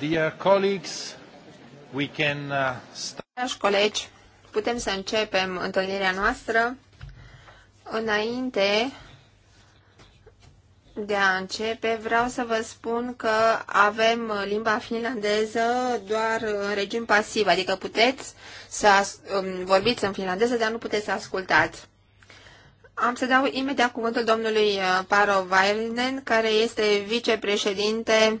Uh, Dragi colegi, putem să începem întâlnirea noastră. Înainte de a începe, vreau să vă spun că avem limba finlandeză doar în regim pasiv, adică puteți să um, vorbiți în finlandeză, dar nu puteți să ascultați. Am să dau imediat cuvântul domnului uh, Paro Vailinen, care este vicepreședinte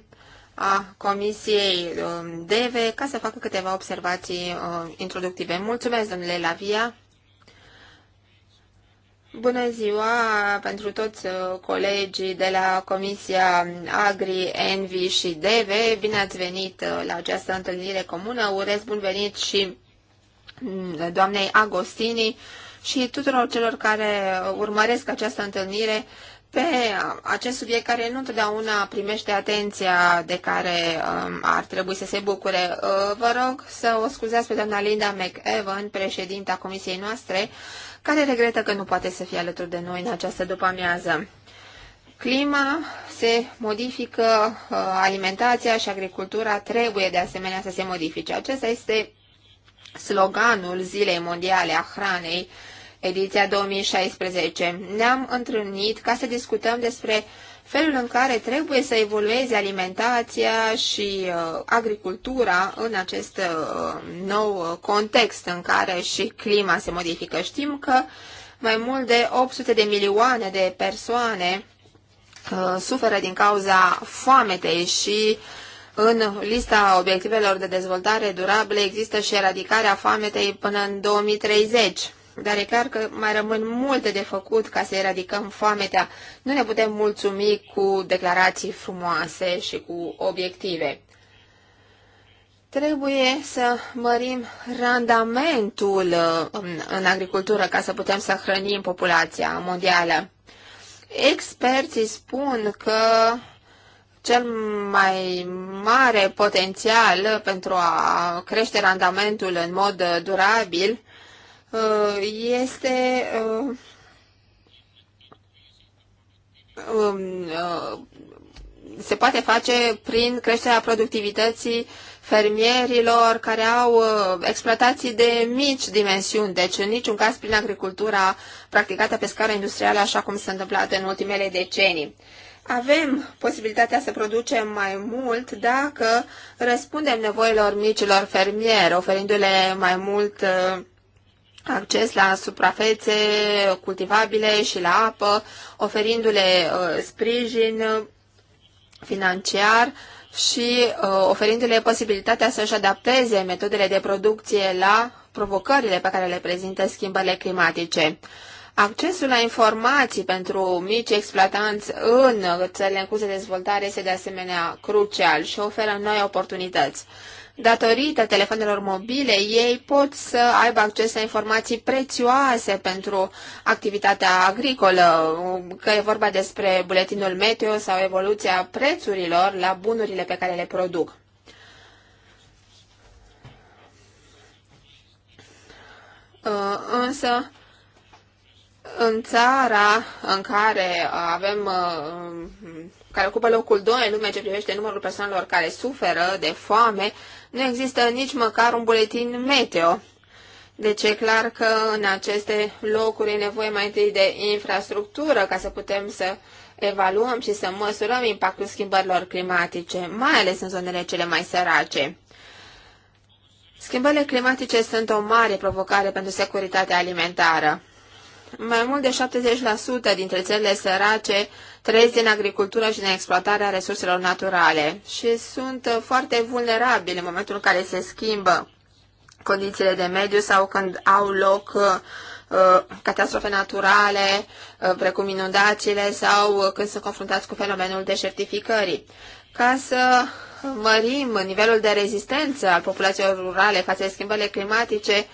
a Comisiei um, DEVE ca să facă câteva observații uh, introductive. Mulțumesc, domnule Lavia! Bună ziua pentru toți uh, colegii de la Comisia Agri, Envi și DEVE. Bine ați venit uh, la această întâlnire comună. Urez bun venit și mm, doamnei Agostini și tuturor celor care urmăresc această întâlnire pe acest subiect care nu întotdeauna primește atenția de care um, ar trebui să se bucure. Uh, vă rog să o scuzați pe doamna Linda McEvan, președinta comisiei noastre, care regretă că nu poate să fie alături de noi în această după-amiază. Clima se modifică, uh, alimentația și agricultura trebuie de asemenea să se modifice. Acesta este sloganul Zilei Mondiale a Hranei ediția 2016. Ne-am întâlnit ca să discutăm despre felul în care trebuie să evolueze alimentația și uh, agricultura în acest uh, nou context în care și clima se modifică. Știm că mai mult de 800 de milioane de persoane uh, suferă din cauza foametei și în lista obiectivelor de dezvoltare durabilă există și eradicarea foametei până în 2030. Dar e clar că mai rămân multe de făcut ca să eradicăm foametea. Nu ne putem mulțumi cu declarații frumoase și cu obiective. Trebuie să mărim randamentul uh, în agricultură ca să putem să hrănim populația mondială. Experții spun că cel mai mare potențial pentru a crește randamentul în mod durabil Uh, este uh, um, uh, se poate face prin creșterea productivității fermierilor care au exploatații de mici dimensiuni, deci în niciun caz prin agricultura practicată pe scară industrială, așa cum s-a întâmplat în ultimele decenii. Avem posibilitatea să producem mai mult dacă răspundem nevoilor micilor fermieri, oferindu-le mai mult uh, acces la suprafețe cultivabile și la apă, oferindu-le uh, sprijin financiar și uh, oferindu-le posibilitatea să-și adapteze metodele de producție la provocările pe care le prezintă schimbările climatice. Accesul la informații pentru mici exploatanți în țările în curs de dezvoltare este de asemenea crucial și oferă noi oportunități. Datorită telefonelor mobile, ei pot să aibă acces la informații prețioase pentru activitatea agricolă, că e vorba despre buletinul meteo sau evoluția prețurilor la bunurile pe care le produc. Uh, însă, în țara în care avem, uh, care ocupă locul 2 în lume ce privește numărul persoanelor care suferă de foame, nu există nici măcar un buletin meteo. Deci e clar că în aceste locuri e nevoie mai întâi de infrastructură ca să putem să evaluăm și să măsurăm impactul schimbărilor climatice, mai ales în zonele cele mai sărace. Schimbările climatice sunt o mare provocare pentru securitatea alimentară. Mai mult de 70% dintre țările sărace trăiesc din agricultură și din exploatarea resurselor naturale și sunt foarte vulnerabile în momentul în care se schimbă condițiile de mediu sau când au loc uh, catastrofe naturale, uh, precum inundațiile sau când sunt confruntați cu fenomenul deșertificării. Ca să mărim nivelul de rezistență al populațiilor rurale față de schimbările climatice,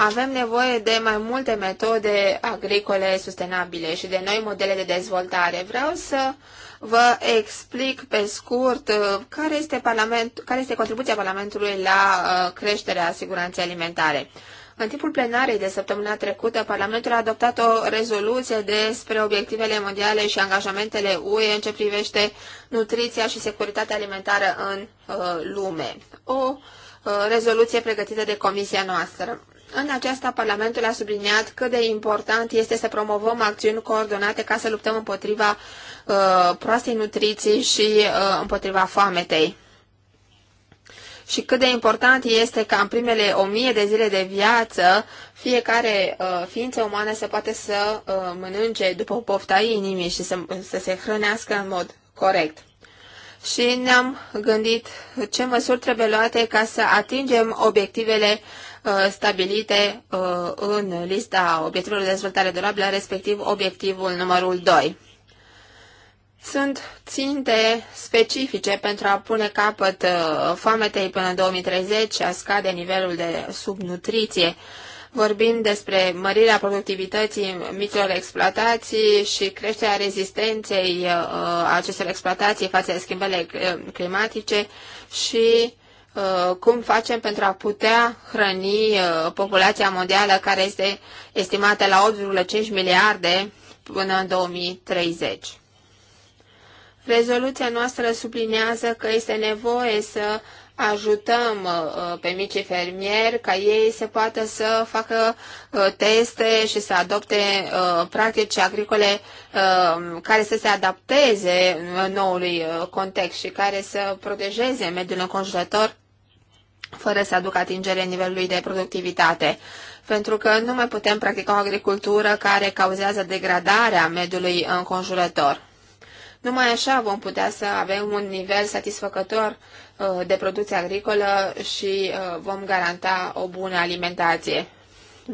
avem nevoie de mai multe metode agricole sustenabile și de noi modele de dezvoltare. Vreau să vă explic pe scurt uh, care este, parlament, care este contribuția Parlamentului la uh, creșterea siguranței alimentare. În timpul plenarei de săptămâna trecută, Parlamentul a adoptat o rezoluție despre obiectivele mondiale și angajamentele UE în ce privește nutriția și securitatea alimentară în uh, lume. O uh, rezoluție pregătită de comisia noastră. În aceasta, Parlamentul a subliniat cât de important este să promovăm acțiuni coordonate ca să luptăm împotriva uh, proastei nutriții și uh, împotriva foametei. Și cât de important este ca în primele o mie de zile de viață fiecare uh, ființă umană să poate să uh, mănânce după pofta inimii și să, să se hrănească în mod corect și ne-am gândit ce măsuri trebuie luate ca să atingem obiectivele Uh, stabilite uh, în lista obiectivelor de dezvoltare durabilă, respectiv obiectivul numărul 2. Sunt ținte specifice pentru a pune capăt uh, foametei până în 2030, a scade nivelul de subnutriție. Vorbim despre mărirea productivității micilor exploatații și creșterea rezistenței acestor exploatații față de schimbările climatice și uh, Uh, cum facem pentru a putea hrăni uh, populația mondială care este estimată la 8,5 miliarde până în 2030. Rezoluția noastră sublinează că este nevoie să ajutăm uh, pe micii fermieri ca ei să poată să facă teste și să adopte practici agricole care să se adapteze noului context și care să protejeze mediul înconjurător fără să aducă atingere nivelului de productivitate, pentru că nu mai putem practica o agricultură care cauzează degradarea mediului înconjurător. Numai așa vom putea să avem un nivel satisfăcător uh, de producție agricolă și uh, vom garanta o bună alimentație.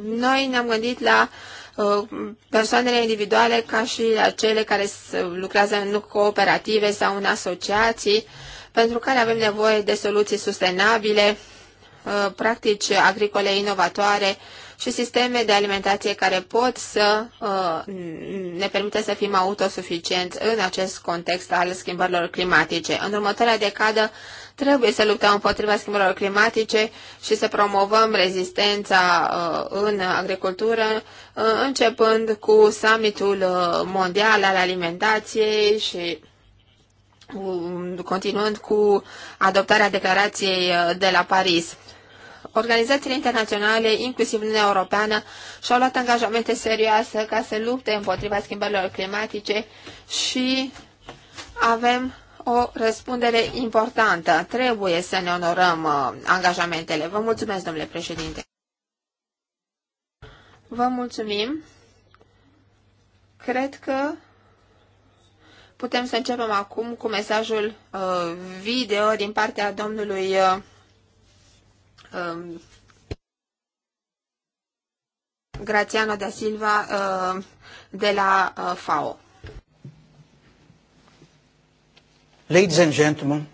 Noi ne-am gândit la uh, persoanele individuale ca și la cele care lucrează în cooperative sau în asociații, pentru care avem nevoie de soluții sustenabile, uh, practici agricole inovatoare și sisteme de alimentație care pot să uh, ne permită să fim autosuficienți în acest context al schimbărilor climatice. În următoarea decadă trebuie să luptăm împotriva schimbărilor climatice și să promovăm rezistența uh, în agricultură, începând cu summitul mondial al alimentației și Um, continuând cu adoptarea declarației uh, de la Paris. Organizațiile internaționale, inclusiv Uniunea Europeană, și-au luat angajamente serioase ca să lupte împotriva schimbărilor climatice și avem o răspundere importantă. Trebuie să ne onorăm uh, angajamentele. Vă mulțumesc, domnule președinte. Vă mulțumim. Cred că Putem să începem acum cu mesajul uh, video din partea domnului uh, um, Grațiano da Silva uh, de la uh, FAO. Ladies and gentlemen,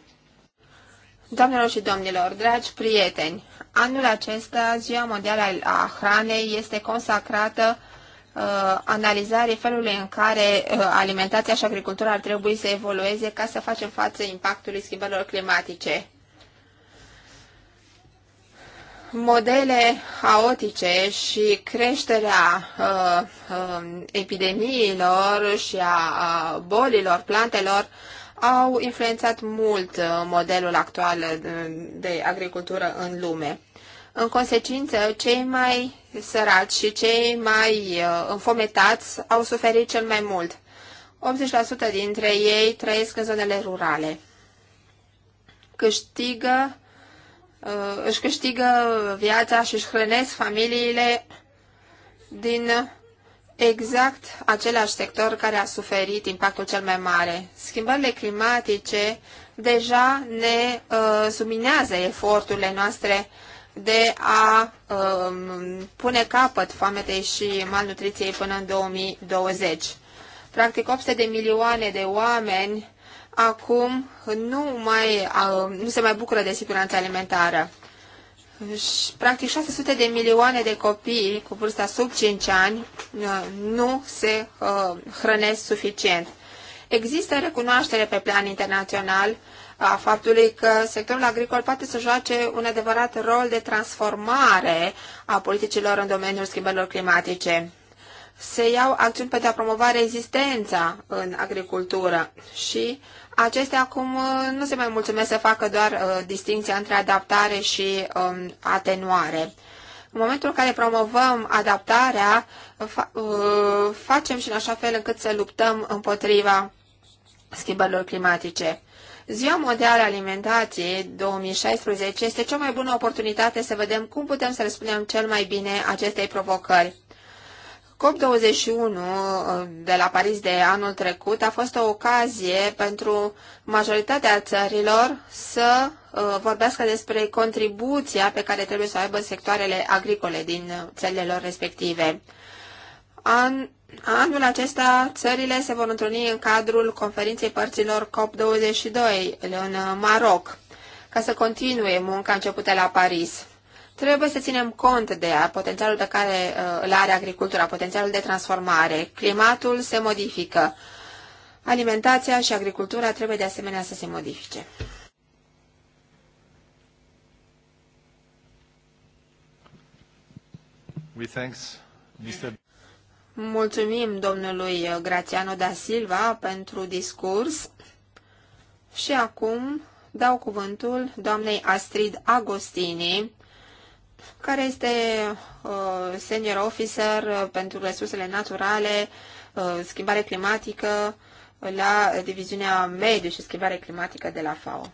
Doamnelor și domnilor, dragi prieteni, anul acesta, Ziua Mondială a Hranei, este consacrată Uh, analizare felului în care uh, alimentația și agricultura ar trebui să evolueze ca să facem față impactului schimbărilor climatice. Modele haotice și creșterea uh, uh, epidemiilor și a uh, bolilor plantelor au influențat mult uh, modelul actual de agricultură în lume. În consecință, cei mai săraci și cei mai uh, înfometați au suferit cel mai mult. 80% dintre ei trăiesc în zonele rurale. Câștigă, uh, își câștigă viața și își hrănesc familiile din exact același sector care a suferit impactul cel mai mare. Schimbările climatice deja ne uh, subminează eforturile noastre uh, de a um, pune capăt foametei și malnutriției până în 2020. Practic 800 de milioane de oameni acum nu, mai, um, nu se mai bucură de siguranță alimentară. Și, practic 600 de milioane de copii cu vârsta sub 5 ani uh, nu se uh, hrănesc suficient. Există recunoaștere pe plan internațional a faptului că sectorul agricol poate să joace un adevărat rol de transformare a politicilor în domeniul schimbărilor climatice. Se iau acțiuni pentru a promova rezistența în agricultură și acestea acum uh, nu se mai mulțumesc să facă doar uh, distinția între adaptare și um, atenuare. În momentul în care promovăm adaptarea, fa uh, facem și în așa fel încât să luptăm împotriva schimbărilor climatice. Ziua Mondială Alimentației 2016 este cea mai bună oportunitate să vedem cum putem să răspundem cel mai bine acestei provocări. COP21 uh, de la Paris de anul trecut a fost o ocazie pentru majoritatea țărilor să uh, vorbească despre contribuția pe care trebuie să o aibă sectoarele agricole din uh, țările lor respective. An Anul acesta, țările se vor întâlni în cadrul conferinței părților COP22 în Maroc, ca să continue munca începută la Paris. Trebuie să ținem cont de potențialul pe care uh, îl are agricultura, potențialul de transformare. Climatul se modifică. Alimentația și agricultura trebuie de asemenea să se modifice. We thanks, Mr. Mulțumim domnului Grațiano da Silva pentru discurs și acum dau cuvântul doamnei Astrid Agostini, care este uh, senior officer pentru resursele naturale, uh, schimbare climatică la diviziunea mediu și schimbare climatică de la FAO.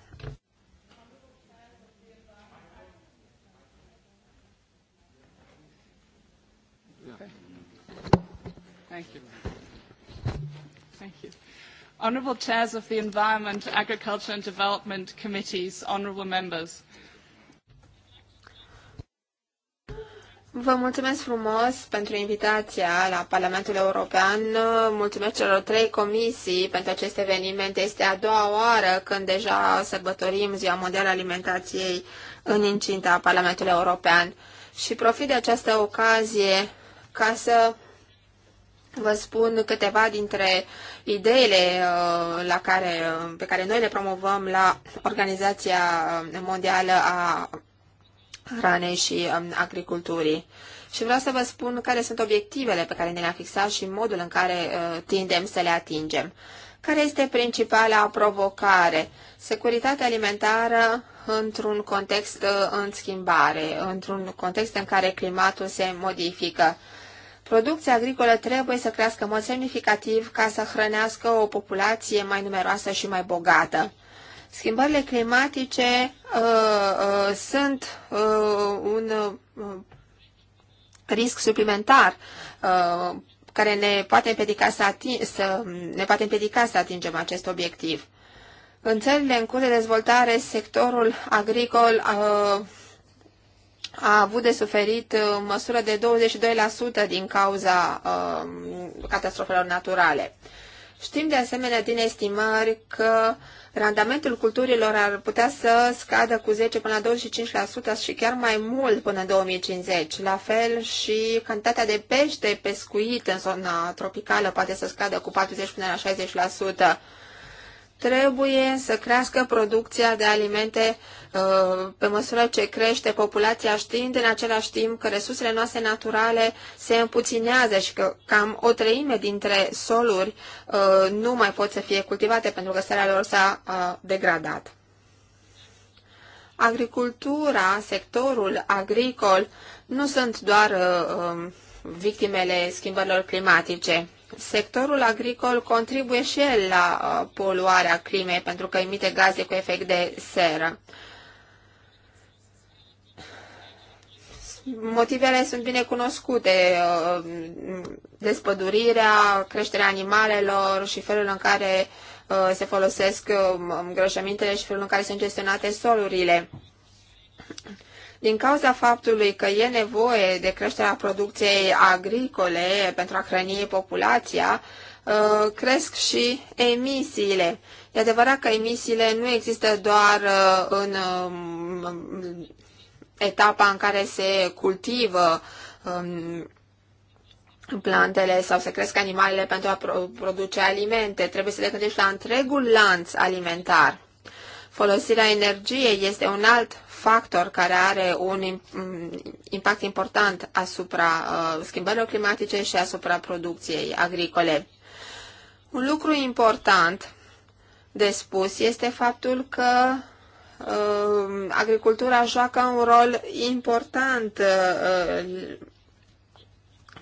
honourable chairs of the Environment, Agriculture and Development Committees, honourable members. Vă mulțumesc frumos pentru invitația la Parlamentul European. Mulțumesc celor trei comisii pentru acest eveniment. Este a doua oară când deja sărbătorim Ziua Mondială Alimentației în incinta Parlamentului European. Și profit de această ocazie ca să Vă spun câteva dintre ideile uh, la care, pe care noi le promovăm la Organizația Mondială a Hranei și um, Agriculturii. Și vreau să vă spun care sunt obiectivele pe care ne le-am fixat și modul în care uh, tindem să le atingem. Care este principala provocare? Securitatea alimentară într-un context uh, în schimbare, într-un context în care climatul se modifică Producția agricolă trebuie să crească în mod semnificativ ca să hrănească o populație mai numeroasă și mai bogată. Schimbările climatice uh, uh, sunt uh, un uh, risc suplimentar uh, care ne poate, împiedica să ating, să, ne poate împiedica să atingem acest obiectiv. În țările în curs de dezvoltare, sectorul agricol uh, a avut de suferit în măsură de 22% din cauza uh, catastrofelor naturale. Știm de asemenea din estimări că randamentul culturilor ar putea să scadă cu 10 până la 25% și chiar mai mult până în 2050. La fel și cantitatea de pește pescuit în zona tropicală poate să scadă cu 40 până la 60% trebuie să crească producția de alimente uh, pe măsură ce crește populația, știind în același timp că resursele noastre naturale se împuținează și că cam o treime dintre soluri uh, nu mai pot să fie cultivate pentru că starea lor s-a degradat. Agricultura, sectorul agricol, nu sunt doar uh, um, victimele schimbărilor climatice sectorul agricol contribuie și el la uh, poluarea climei pentru că emite gaze cu efect de seră. Motivele sunt bine cunoscute, uh, despădurirea, creșterea animalelor și felul în care uh, se folosesc îngrășămintele și felul în care sunt gestionate solurile din cauza faptului că e nevoie de creșterea producției agricole pentru a hrăni populația, uh, cresc și emisiile. E adevărat că emisiile nu există doar uh, în um, etapa în care se cultivă um, plantele sau se cresc animalele pentru a produce alimente. Trebuie să le gândești la întregul lanț alimentar. Folosirea energiei este un alt factor care are un impact important asupra uh, schimbărilor climatice și asupra producției agricole. Un lucru important de spus este faptul că uh, agricultura joacă un rol important uh,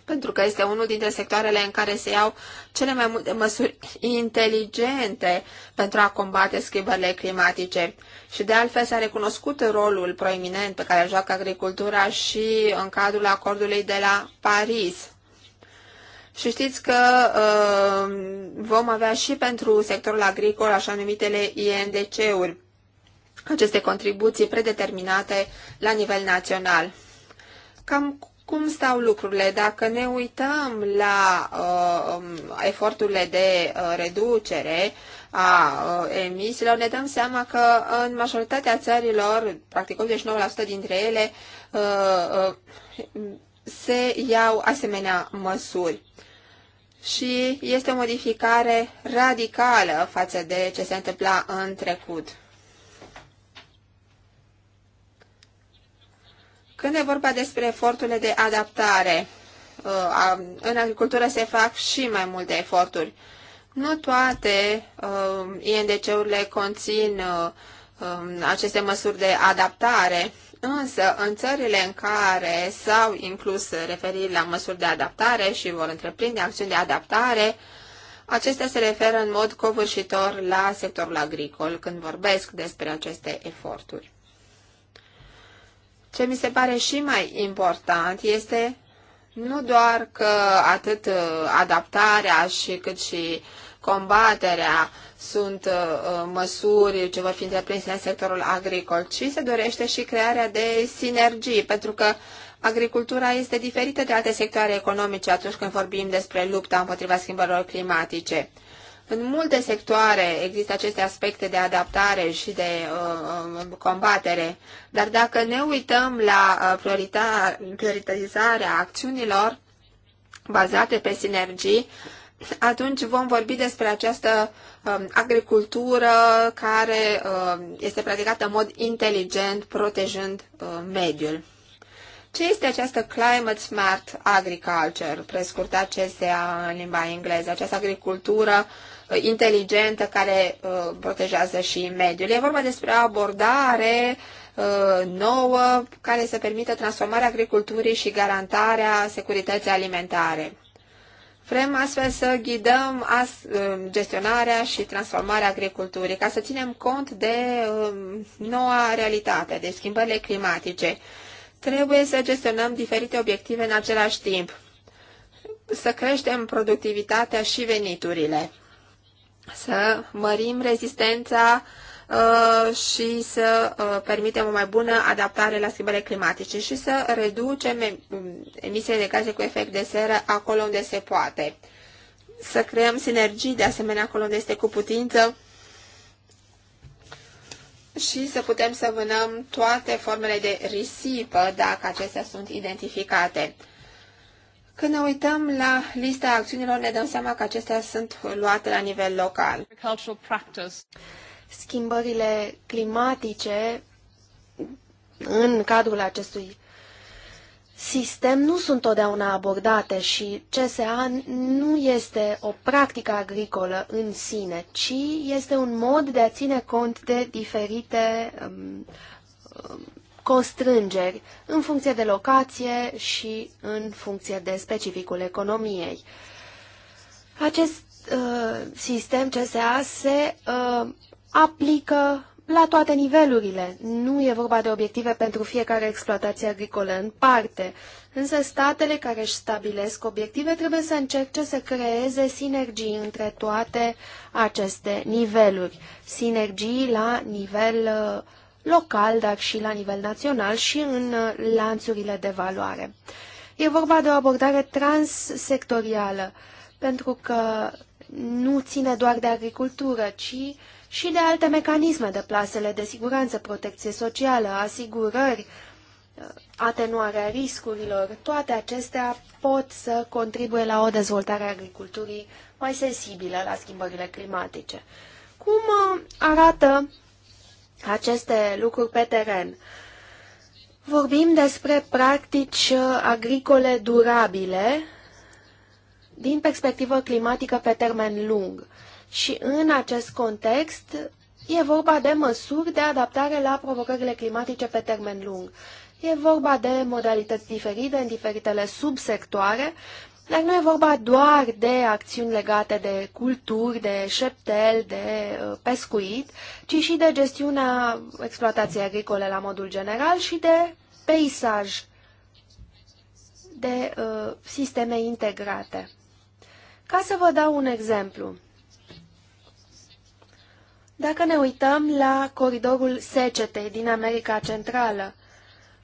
pentru că este unul dintre sectoarele în care se iau cele mai multe măsuri inteligente pentru a combate schimbările climatice. Și de altfel s-a recunoscut rolul proeminent pe care îl joacă agricultura și în cadrul acordului de la Paris. Și știți că uh, vom avea și pentru sectorul agricol așa numitele INDC-uri, aceste contribuții predeterminate la nivel național. Cam cum stau lucrurile. Dacă ne uităm la uh, eforturile de uh, reducere a uh, emisiilor, ne dăm seama că în majoritatea țărilor, practic 89% dintre ele, uh, uh, se iau asemenea măsuri. Și este o modificare radicală față de ce se întâmpla în trecut. Când e vorba despre eforturile de adaptare, uh, în agricultură se fac și mai multe eforturi. Nu toate uh, INDC-urile conțin uh, um, aceste măsuri de adaptare, însă în țările în care s-au inclus referiri la măsuri de adaptare și vor întreprinde acțiuni de adaptare, acestea se referă în mod covârșitor la sectorul agricol când vorbesc despre aceste eforturi. Ce mi se pare și mai important este nu doar că atât uh, adaptarea și cât și combaterea sunt uh, uh, măsuri ce vor fi întreprinse în sectorul agricol, ci se dorește și crearea de sinergii, pentru că agricultura este diferită de alte sectoare economice atunci când vorbim despre lupta împotriva schimbărilor climatice. În multe sectoare există aceste aspecte de adaptare și de uh, uh combatere, dar dacă ne uităm la uh, priorita prioritizarea acțiunilor bazate pe sinergii, atunci vom vorbi despre această uh, agricultură care uh, este practicată în mod inteligent, protejând uh, mediul. Ce este această Climate Smart Agriculture, prescurtat acestea în limba engleză, această agricultură inteligentă care uh, protejează și mediul. E vorba despre o abordare uh, nouă care să permită transformarea agriculturii și garantarea securității alimentare. Vrem astfel să ghidăm as, uh, gestionarea și transformarea agriculturii, ca să ținem cont de noua realitate, de schimbările climatice. Trebuie să gestionăm diferite obiective în același timp, să creștem productivitatea și veniturile să mărim rezistența uh, și să uh, permitem o mai bună adaptare la schimbările climatice și să reducem emisiile de gaze cu efect de seră acolo unde se poate. Să creăm sinergii de asemenea acolo unde este cu putință și să putem să vânăm toate formele de risipă dacă acestea sunt identificate. Când ne uităm la lista acțiunilor, ne dăm seama că acestea sunt luate la nivel local. Schimbările climatice în cadrul acestui sistem nu sunt totdeauna abordate și CSA nu este o practică agricolă în sine, ci este un mod de a ține cont de diferite um, um, constrângeri în funcție de locație și în funcție de specificul economiei. Acest uh, sistem CSA se uh, aplică la toate nivelurile. Nu e vorba de obiective pentru fiecare exploatație agricolă în parte, însă statele care își stabilesc obiective trebuie să încerce să creeze sinergii între toate aceste niveluri. Sinergii la nivel uh, local, dar și la nivel național și în uh, lanțurile de valoare. E vorba de o abordare transsectorială, pentru că nu ține doar de agricultură, ci și de alte mecanisme de plasele de siguranță, protecție socială, asigurări, uh, atenuarea riscurilor, toate acestea pot să contribuie la o dezvoltare a agriculturii mai sensibilă la schimbările climatice. Cum uh, arată aceste lucruri pe teren. Vorbim despre practici agricole durabile din perspectivă climatică pe termen lung. Și în acest context e vorba de măsuri de adaptare la provocările climatice pe termen lung. E vorba de modalități diferite în diferitele subsectoare dar nu e vorba doar de acțiuni legate de culturi, de șeptel, de uh, pescuit, ci și de gestiunea exploatației agricole la modul general și de peisaj, de uh, sisteme integrate. Ca să vă dau un exemplu, dacă ne uităm la coridorul secetei din America Centrală,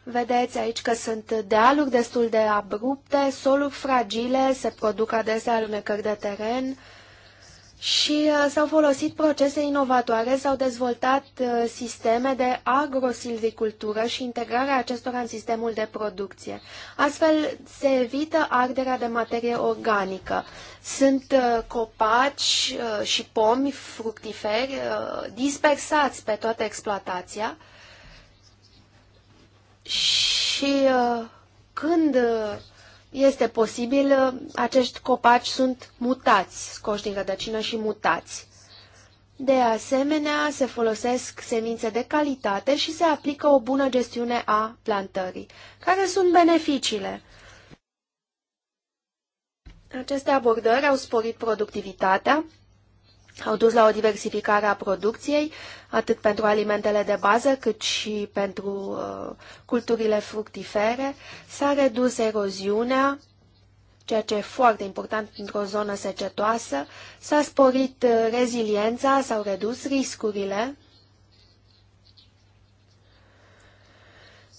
Vedeți aici că sunt dealuri destul de abrupte, soluri fragile, se produc adesea alunecări de teren și uh, s-au folosit procese inovatoare, s-au dezvoltat uh, sisteme de agrosilvicultură și integrarea acestora în sistemul de producție. Astfel se evită arderea de materie organică. Sunt uh, copaci și pomi fructiferi dispersați pe toată exploatația, și uh, când uh, este posibil, uh, acești copaci sunt mutați, scoși din rădăcină și mutați. De asemenea, se folosesc semințe de calitate și se aplică o bună gestiune a plantării. Care sunt beneficiile? Aceste abordări au sporit productivitatea, au dus la o diversificare a producției atât pentru alimentele de bază, cât și pentru uh, culturile fructifere. S-a redus eroziunea, ceea ce e foarte important într-o zonă secetoasă. S-a sporit uh, reziliența, s-au redus riscurile.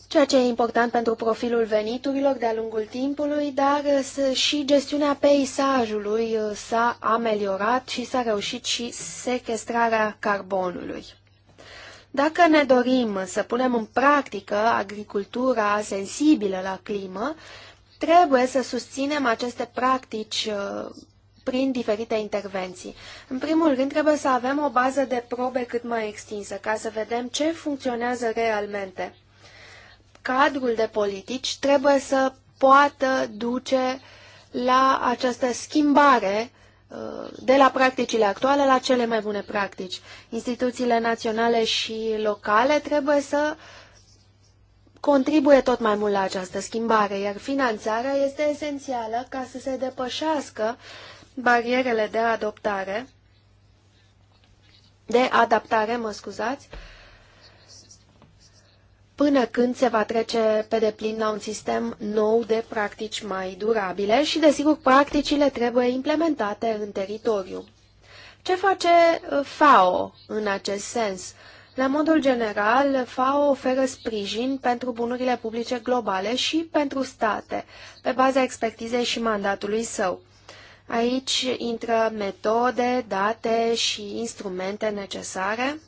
ceea ce e important pentru profilul veniturilor de-a lungul timpului, dar uh, și gestiunea peisajului uh, s-a ameliorat și s-a reușit și sequestrarea carbonului. Dacă ne dorim să punem în practică agricultura sensibilă la climă, trebuie să susținem aceste practici uh, prin diferite intervenții. În primul rând, trebuie să avem o bază de probe cât mai extinsă, ca să vedem ce funcționează realmente. Cadrul de politici trebuie să poată duce la această schimbare Uh, de la practicile actuale la cele mai bune practici. Instituțiile naționale și locale trebuie să contribuie tot mai mult la această schimbare, iar finanțarea este esențială ca să se depășească barierele de adoptare, de adaptare, mă scuzați, uh, până când se va trece pe deplin la un sistem nou de practici mai durabile și, desigur, practicile trebuie implementate în teritoriu. Ce face uh, FAO în acest sens? La modul general, FAO oferă sprijin pentru bunurile publice globale și pentru state, pe baza expertizei și mandatului său. Aici intră metode, date și instrumente necesare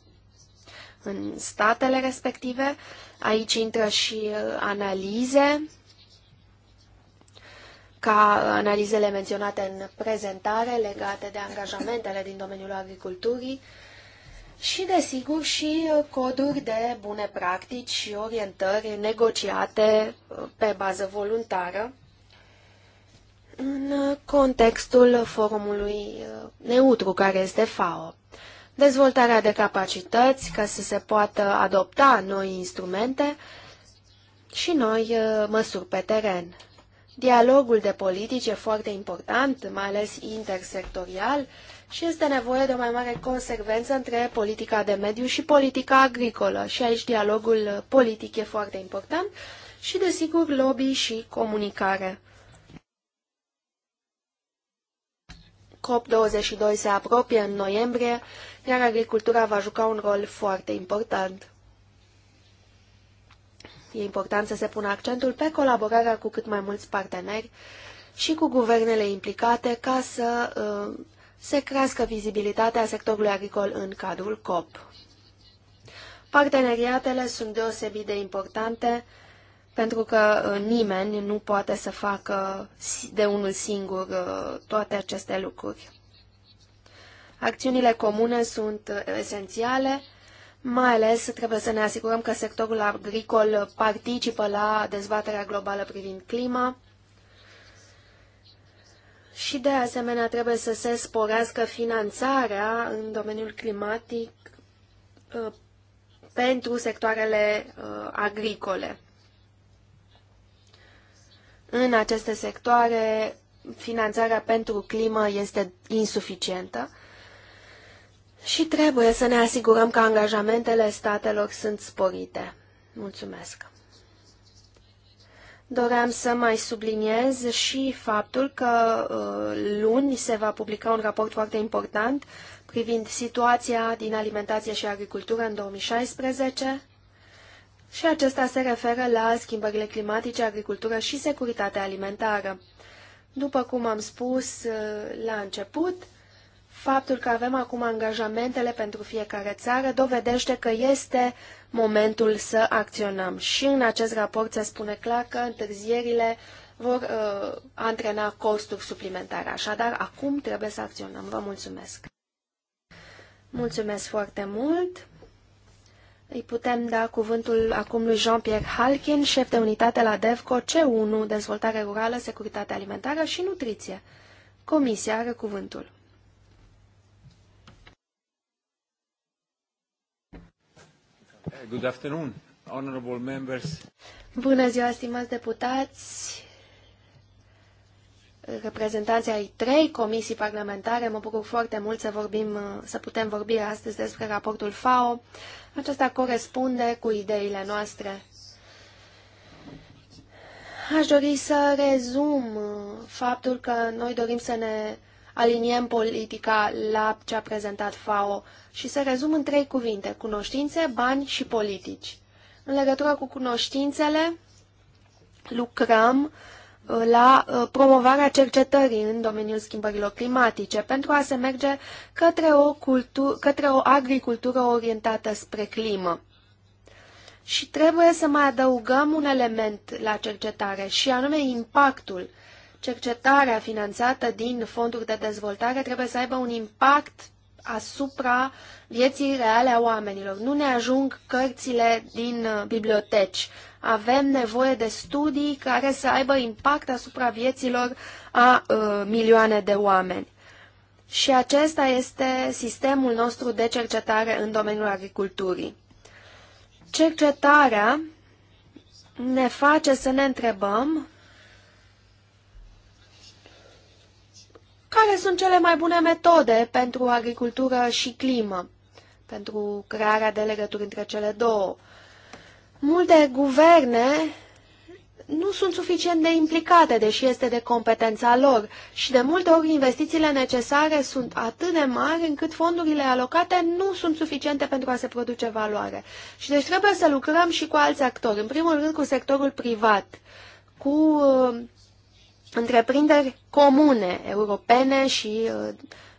în statele respective. Aici intră și uh, analize, ca analizele menționate în prezentare legate de angajamentele din domeniul agriculturii și, desigur, și uh, coduri de bune practici și orientări negociate uh, pe bază voluntară în contextul forumului neutru care este FAO dezvoltarea de capacități ca să se poată adopta noi instrumente și noi uh, măsuri pe teren. Dialogul de politici e foarte important, mai ales intersectorial, și este nevoie de o mai mare consecvență între politica de mediu și politica agricolă. Și aici dialogul politic e foarte important și, desigur, lobby și comunicare. COP22 se apropie în noiembrie iar agricultura va juca un rol foarte important. E important să se pună accentul pe colaborarea cu cât mai mulți parteneri și cu guvernele implicate ca să uh, se crească vizibilitatea sectorului agricol în cadrul COP. Parteneriatele sunt deosebit de importante pentru că uh, nimeni nu poate să facă de unul singur uh, toate aceste lucruri. Acțiunile comune sunt esențiale, mai ales trebuie să ne asigurăm că sectorul agricol participă la dezbaterea globală privind clima și de asemenea trebuie să se sporească finanțarea în domeniul climatic uh, pentru sectoarele uh, agricole. În aceste sectoare, finanțarea pentru climă este insuficientă și trebuie să ne asigurăm că angajamentele statelor sunt sporite. Mulțumesc! Doream să mai subliniez și faptul că uh, luni se va publica un raport foarte important privind situația din alimentație și agricultură în 2016 și acesta se referă la schimbările climatice, agricultură și securitatea alimentară. După cum am spus uh, la început, Faptul că avem acum angajamentele pentru fiecare țară dovedește că este momentul să acționăm. Și în acest raport se spune clar că întârzierile vor uh, antrena costuri suplimentare. Așadar, acum trebuie să acționăm. Vă mulțumesc! Mulțumesc foarte mult! Îi putem da cuvântul acum lui Jean-Pierre Halkin, șef de unitate la DEVCO C1, Dezvoltare Rurală, Securitate Alimentară și Nutriție. Comisia are cuvântul. Eh, good afternoon, honorable members. Bună ziua, stimați deputați, reprezentanții ai trei comisii parlamentare. Mă bucur foarte mult să, vorbim, să putem vorbi astăzi despre raportul FAO. Acesta corespunde cu ideile noastre. Aș dori să rezum faptul că noi dorim să ne aliniem politica la ce a prezentat FAO și să rezum în trei cuvinte, cunoștințe, bani și politici. În legătură cu cunoștințele, lucrăm uh, la uh, promovarea cercetării în domeniul schimbărilor climatice pentru a se merge către o, cultu- către o agricultură orientată spre climă. Și trebuie să mai adăugăm un element la cercetare și anume impactul cercetarea finanțată din fonduri de dezvoltare trebuie să aibă un impact asupra vieții reale a oamenilor. Nu ne ajung cărțile din uh, biblioteci. Avem nevoie de studii care să aibă impact asupra vieților a uh, milioane de oameni. Și acesta este sistemul nostru de cercetare în domeniul agriculturii. Cercetarea ne face să ne întrebăm care sunt cele mai bune metode pentru agricultură și climă, pentru crearea de legături între cele două. Multe guverne nu sunt suficient de implicate, deși este de competența lor, și de multe ori investițiile necesare sunt atât de mari încât fondurile alocate nu sunt suficiente pentru a se produce valoare. Și deci trebuie să lucrăm și cu alți actori, în primul rând cu sectorul privat, cu uh, întreprinderi comune europene și uh,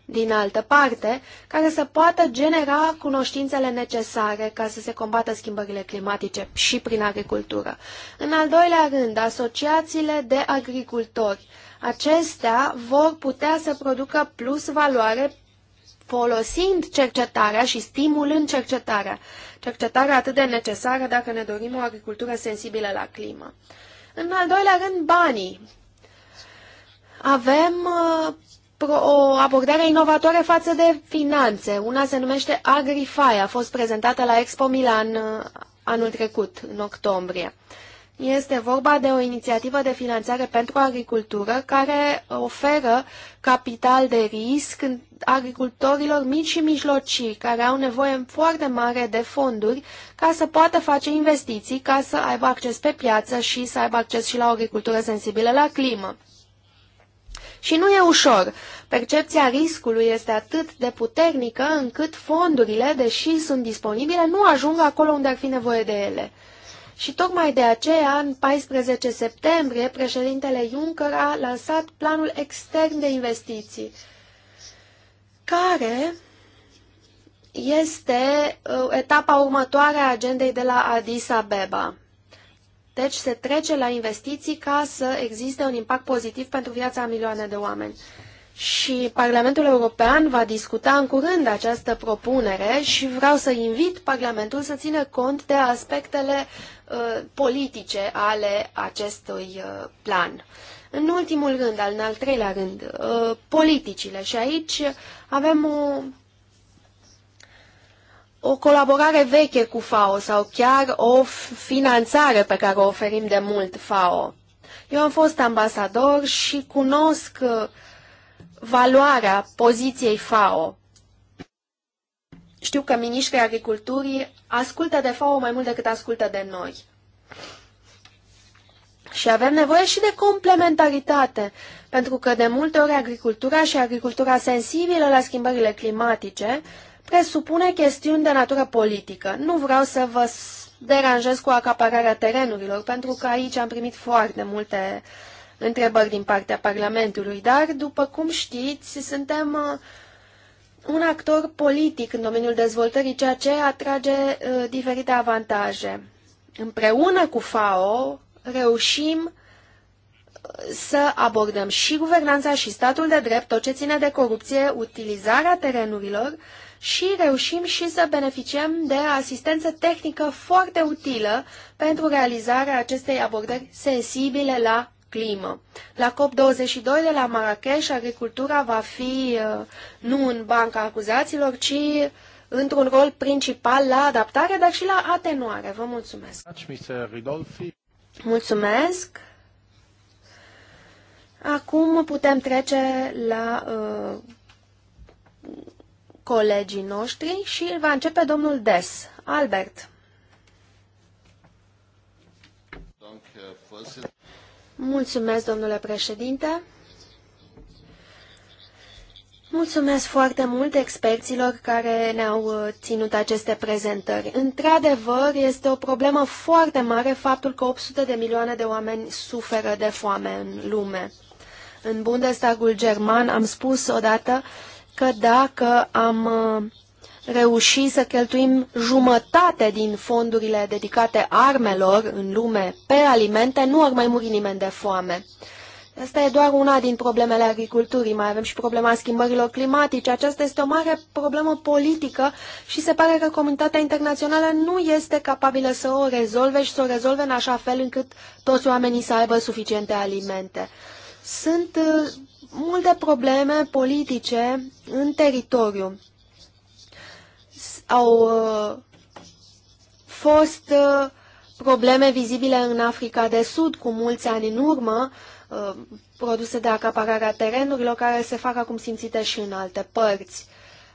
din altă parte, care să poată genera cunoștințele necesare ca să se combată schimbările climatice și prin agricultură. În al doilea rând, asociațiile de agricultori. Acestea vor putea să producă plus valoare folosind cercetarea și stimulând cercetarea. Cercetarea atât de necesară dacă ne dorim o agricultură sensibilă la climă. În al doilea rând, banii avem uh, o abordare inovatoare față de finanțe. Una se numește AgriFi, a fost prezentată la Expo Milan uh, anul trecut, în octombrie. Este vorba de o inițiativă de finanțare pentru agricultură care oferă capital de risc agricultorilor mici și mijlocii care au nevoie foarte mare de fonduri ca să poată face investiții, ca să aibă acces pe piață și să aibă acces și la o agricultură sensibilă la climă. Și nu e ușor. Percepția riscului este atât de puternică încât fondurile, deși sunt disponibile, nu ajung acolo unde ar fi nevoie de ele. Și tocmai de aceea, în 14 septembrie, președintele Juncker a lansat planul extern de investiții, care este uh, etapa următoare a agendei de la Addis Abeba. Deci se trece la investiții ca să existe un impact pozitiv pentru viața a milioane de oameni. Și Parlamentul European va discuta în curând această propunere și vreau să invit Parlamentul să țină cont de aspectele uh, politice ale acestui uh, plan. În ultimul rând, al, în al treilea rând, uh, politicile. Și aici avem o o colaborare veche cu FAO sau chiar o finanțare pe care o oferim de mult FAO. Eu am fost ambasador și cunosc uh, valoarea poziției FAO. Știu că miniștrii agriculturii ascultă de FAO mai mult decât ascultă de noi. Și avem nevoie și de complementaritate, pentru că de multe ori agricultura și agricultura sensibilă la schimbările climatice presupune chestiuni de natură politică. Nu vreau să vă deranjez cu acapararea terenurilor, pentru că aici am primit foarte multe întrebări din partea Parlamentului, dar, după cum știți, suntem uh, un actor politic în domeniul dezvoltării, ceea ce atrage uh, diferite avantaje. Împreună cu FAO reușim uh, să abordăm și guvernanța și statul de drept, tot ce ține de corupție, utilizarea terenurilor și reușim și să beneficiem de asistență tehnică foarte utilă pentru realizarea acestei abordări sensibile la climă. La COP22 de la Marrakesh, agricultura va fi uh, nu în banca acuzaților, ci într-un rol principal la adaptare, dar și la atenuare. Vă mulțumesc! Mulțumesc! Acum putem trece la uh, colegii noștri și va începe domnul Des. Albert. Mulțumesc, domnule președinte. Mulțumesc foarte mult experților care ne-au uh, ținut aceste prezentări. Într-adevăr, este o problemă foarte mare faptul că 800 de milioane de oameni suferă de foame în lume. În Bundestagul german am spus odată că dacă am uh, reușit să cheltuim jumătate din fondurile dedicate armelor în lume pe alimente, nu ar mai muri nimeni de foame. Asta e doar una din problemele agriculturii. Mai avem și problema schimbărilor climatice. Aceasta este o mare problemă politică și se pare că comunitatea internațională nu este capabilă să o rezolve și să o rezolve în așa fel încât toți oamenii să aibă suficiente alimente. Sunt uh, multe probleme politice în teritoriu. Au uh, fost uh, probleme vizibile în Africa de Sud cu mulți ani în urmă, produse de acapararea terenurilor care se fac acum simțite și în alte părți.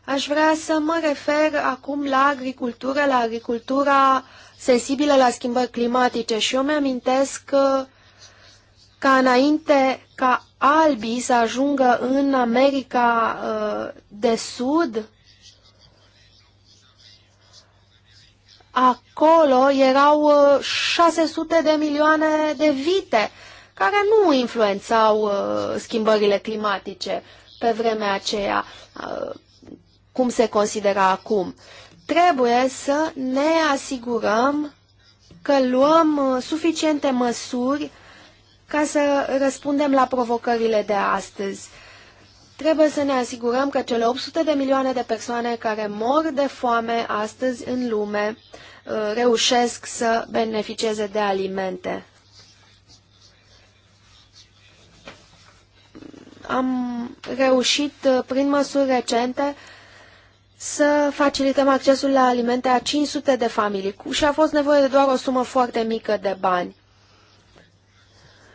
Aș vrea să mă refer acum la agricultură, la agricultura sensibilă la schimbări climatice și eu mi-amintesc că uh, ca înainte ca albii să ajungă în America uh, de Sud, acolo erau 600 uh, de milioane de vite care nu influențau uh, schimbările climatice pe vremea aceea, cum se considera acum. Trebuie să ne asigurăm că luăm suficiente măsuri ca să răspundem la provocările de astăzi. Trebuie să ne asigurăm că cele 800 de milioane de persoane care mor de foame astăzi în lume uh, reușesc să beneficieze de alimente. Am reușit uh, prin măsuri recente să facilităm accesul la alimente a 500 de familii și a fost nevoie de doar o sumă foarte mică de bani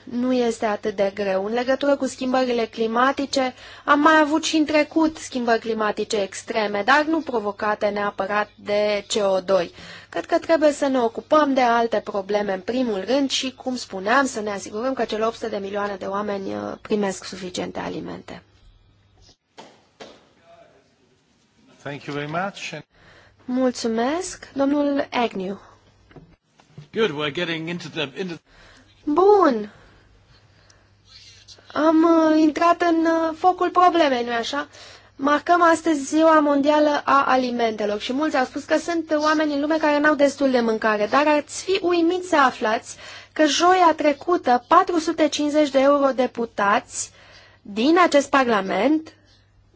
nu este atât de greu. În legătură cu schimbările climatice, am mai avut și în trecut schimbări climatice extreme, dar nu provocate neapărat de CO2. Cred că trebuie să ne ocupăm de alte probleme în primul rând și, cum spuneam, să ne asigurăm că cele 800 de milioane de oameni uh, primesc suficiente alimente. Thank you very much. Mulțumesc, domnul Agnew. Good, we're getting into the, into... Bun, am uh, intrat în uh, focul problemei, nu-i așa? Marcăm astăzi Ziua Mondială a Alimentelor și mulți au spus că sunt oameni în lume care n-au destul de mâncare, dar ați fi uimit să aflați că joia trecută 450 de eurodeputați din acest parlament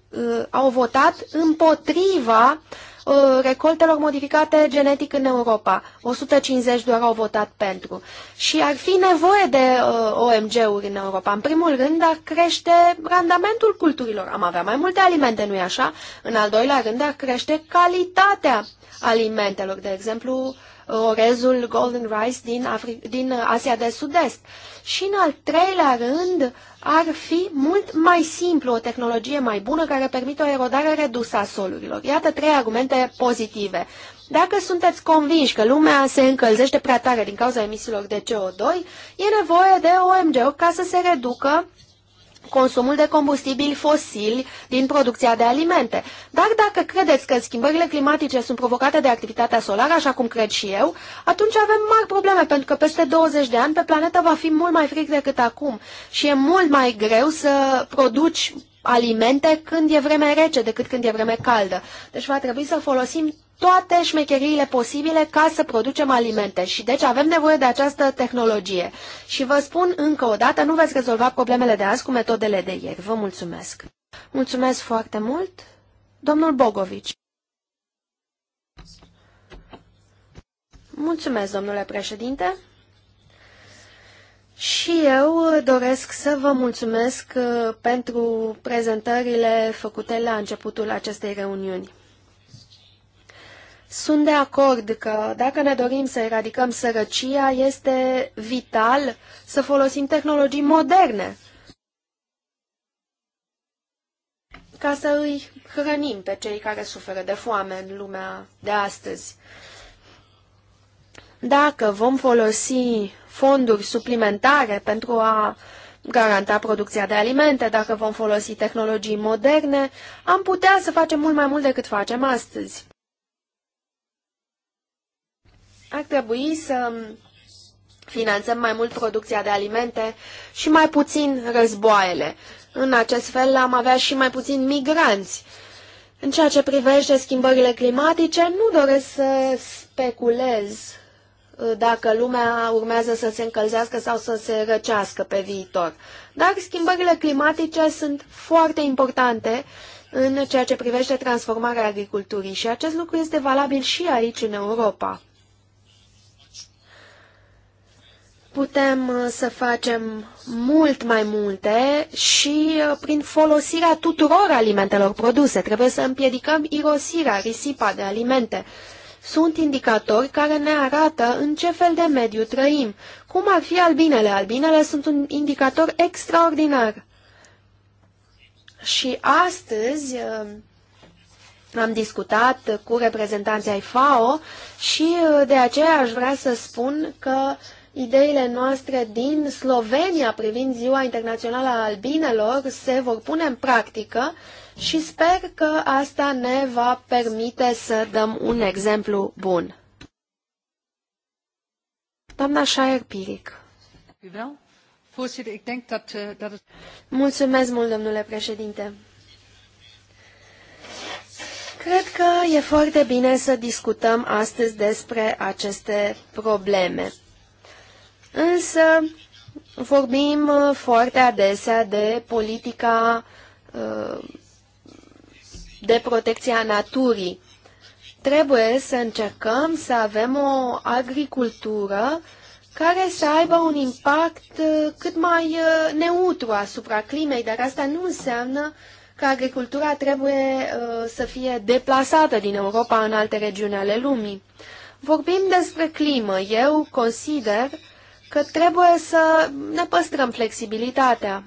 uh, au votat împotriva Uh, recoltelor modificate genetic în Europa. 150 doar au votat pentru. Și ar fi nevoie de uh, OMG-uri în Europa. În primul rând, ar crește randamentul culturilor. Am avea mai multe alimente, nu-i așa? În al doilea rând, ar crește calitatea alimentelor. De exemplu, uh, orezul Golden Rice din, Afri din Asia de Sud-Est. Și în al treilea rând ar fi mult mai simplu o tehnologie mai bună care permite o erodare redusă a solurilor. Iată trei argumente pozitive. Dacă sunteți convinși că lumea se încălzește prea tare din cauza emisiilor de CO2, e nevoie de OMG-uri ca să se reducă consumul de combustibili fosili din producția de alimente. Dar dacă credeți că schimbările climatice sunt provocate de activitatea solară, așa cum cred și eu, atunci avem mari probleme, pentru că peste 20 de ani pe planetă va fi mult mai fric decât acum și e mult mai greu să produci alimente când e vreme rece decât când e vreme caldă. Deci va trebui să folosim toate șmecheriile posibile ca să producem alimente și deci avem nevoie de această tehnologie. Și vă spun încă o dată, nu veți rezolva problemele de azi cu metodele de ieri. Vă mulțumesc! Mulțumesc foarte mult, domnul Bogovici. Mulțumesc, domnule președinte. Și eu doresc să vă mulțumesc uh, pentru prezentările făcute la începutul acestei reuniuni. Sunt de acord că dacă ne dorim să eradicăm sărăcia, este vital să folosim tehnologii moderne ca să îi hrănim pe cei care suferă de foame în lumea de astăzi. Dacă vom folosi fonduri suplimentare pentru a garanta producția de alimente, dacă vom folosi tehnologii moderne, am putea să facem mult mai mult decât facem astăzi. Ar trebui să finanțăm mai mult producția de alimente și mai puțin războaiele. În acest fel am avea și mai puțin migranți. În ceea ce privește schimbările climatice, nu doresc să speculez uh, dacă lumea urmează să se încălzească sau să se răcească pe viitor. Dar schimbările climatice sunt foarte importante în ceea ce privește transformarea agriculturii și acest lucru este valabil și aici în Europa. putem uh, să facem mult mai multe și uh, prin folosirea tuturor alimentelor produse. Trebuie să împiedicăm irosirea, risipa de alimente. Sunt indicatori care ne arată în ce fel de mediu trăim. Cum ar fi albinele? Albinele sunt un indicator extraordinar. Și astăzi uh, am discutat cu reprezentanții ai FAO și de aceea aș vrea să spun că uh, Ideile noastre din Slovenia privind Ziua Internațională a Albinelor se vor pune în practică și sper că asta ne va permite să dăm un exemplu bun. Doamna Shire Piric. Mulțumesc mult, domnule președinte. Cred că e foarte bine să discutăm astăzi despre aceste probleme. Însă vorbim uh, foarte adesea de politica uh, de protecție a naturii. Trebuie să încercăm să avem o agricultură care să aibă un impact uh, cât mai neutru asupra climei, dar asta nu înseamnă că agricultura trebuie să fie deplasată din Europa în alte regiuni ale lumii. Vorbim despre climă. Eu consider că trebuie să ne păstrăm flexibilitatea.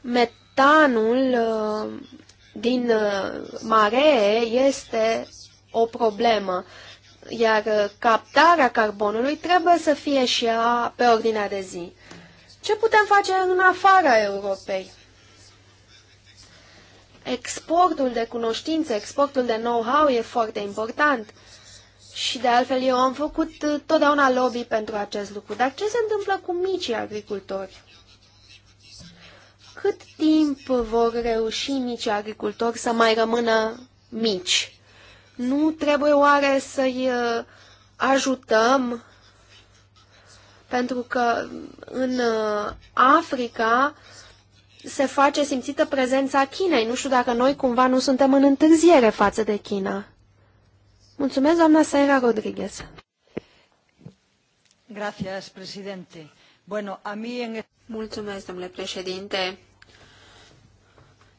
Metanul uh, din uh, mare este o problemă, iar uh, captarea carbonului trebuie să fie și ea pe ordinea de zi. Ce putem face în afara Europei? Exportul de cunoștințe, exportul de know-how e foarte important și de altfel eu am făcut uh, totdeauna lobby pentru acest lucru. Dar ce se întâmplă cu micii agricultori? Cât timp vor reuși micii agricultori să mai rămână mici? Nu trebuie oare să-i uh, ajutăm? Pentru că în uh, Africa se face simțită prezența Chinei. Nu știu dacă noi cumva nu suntem în întârziere față de China. Mulțumesc, doamna Saira Rodriguez. Gracias, presidente. Bueno, a mí en... Mulțumesc, domnule președinte.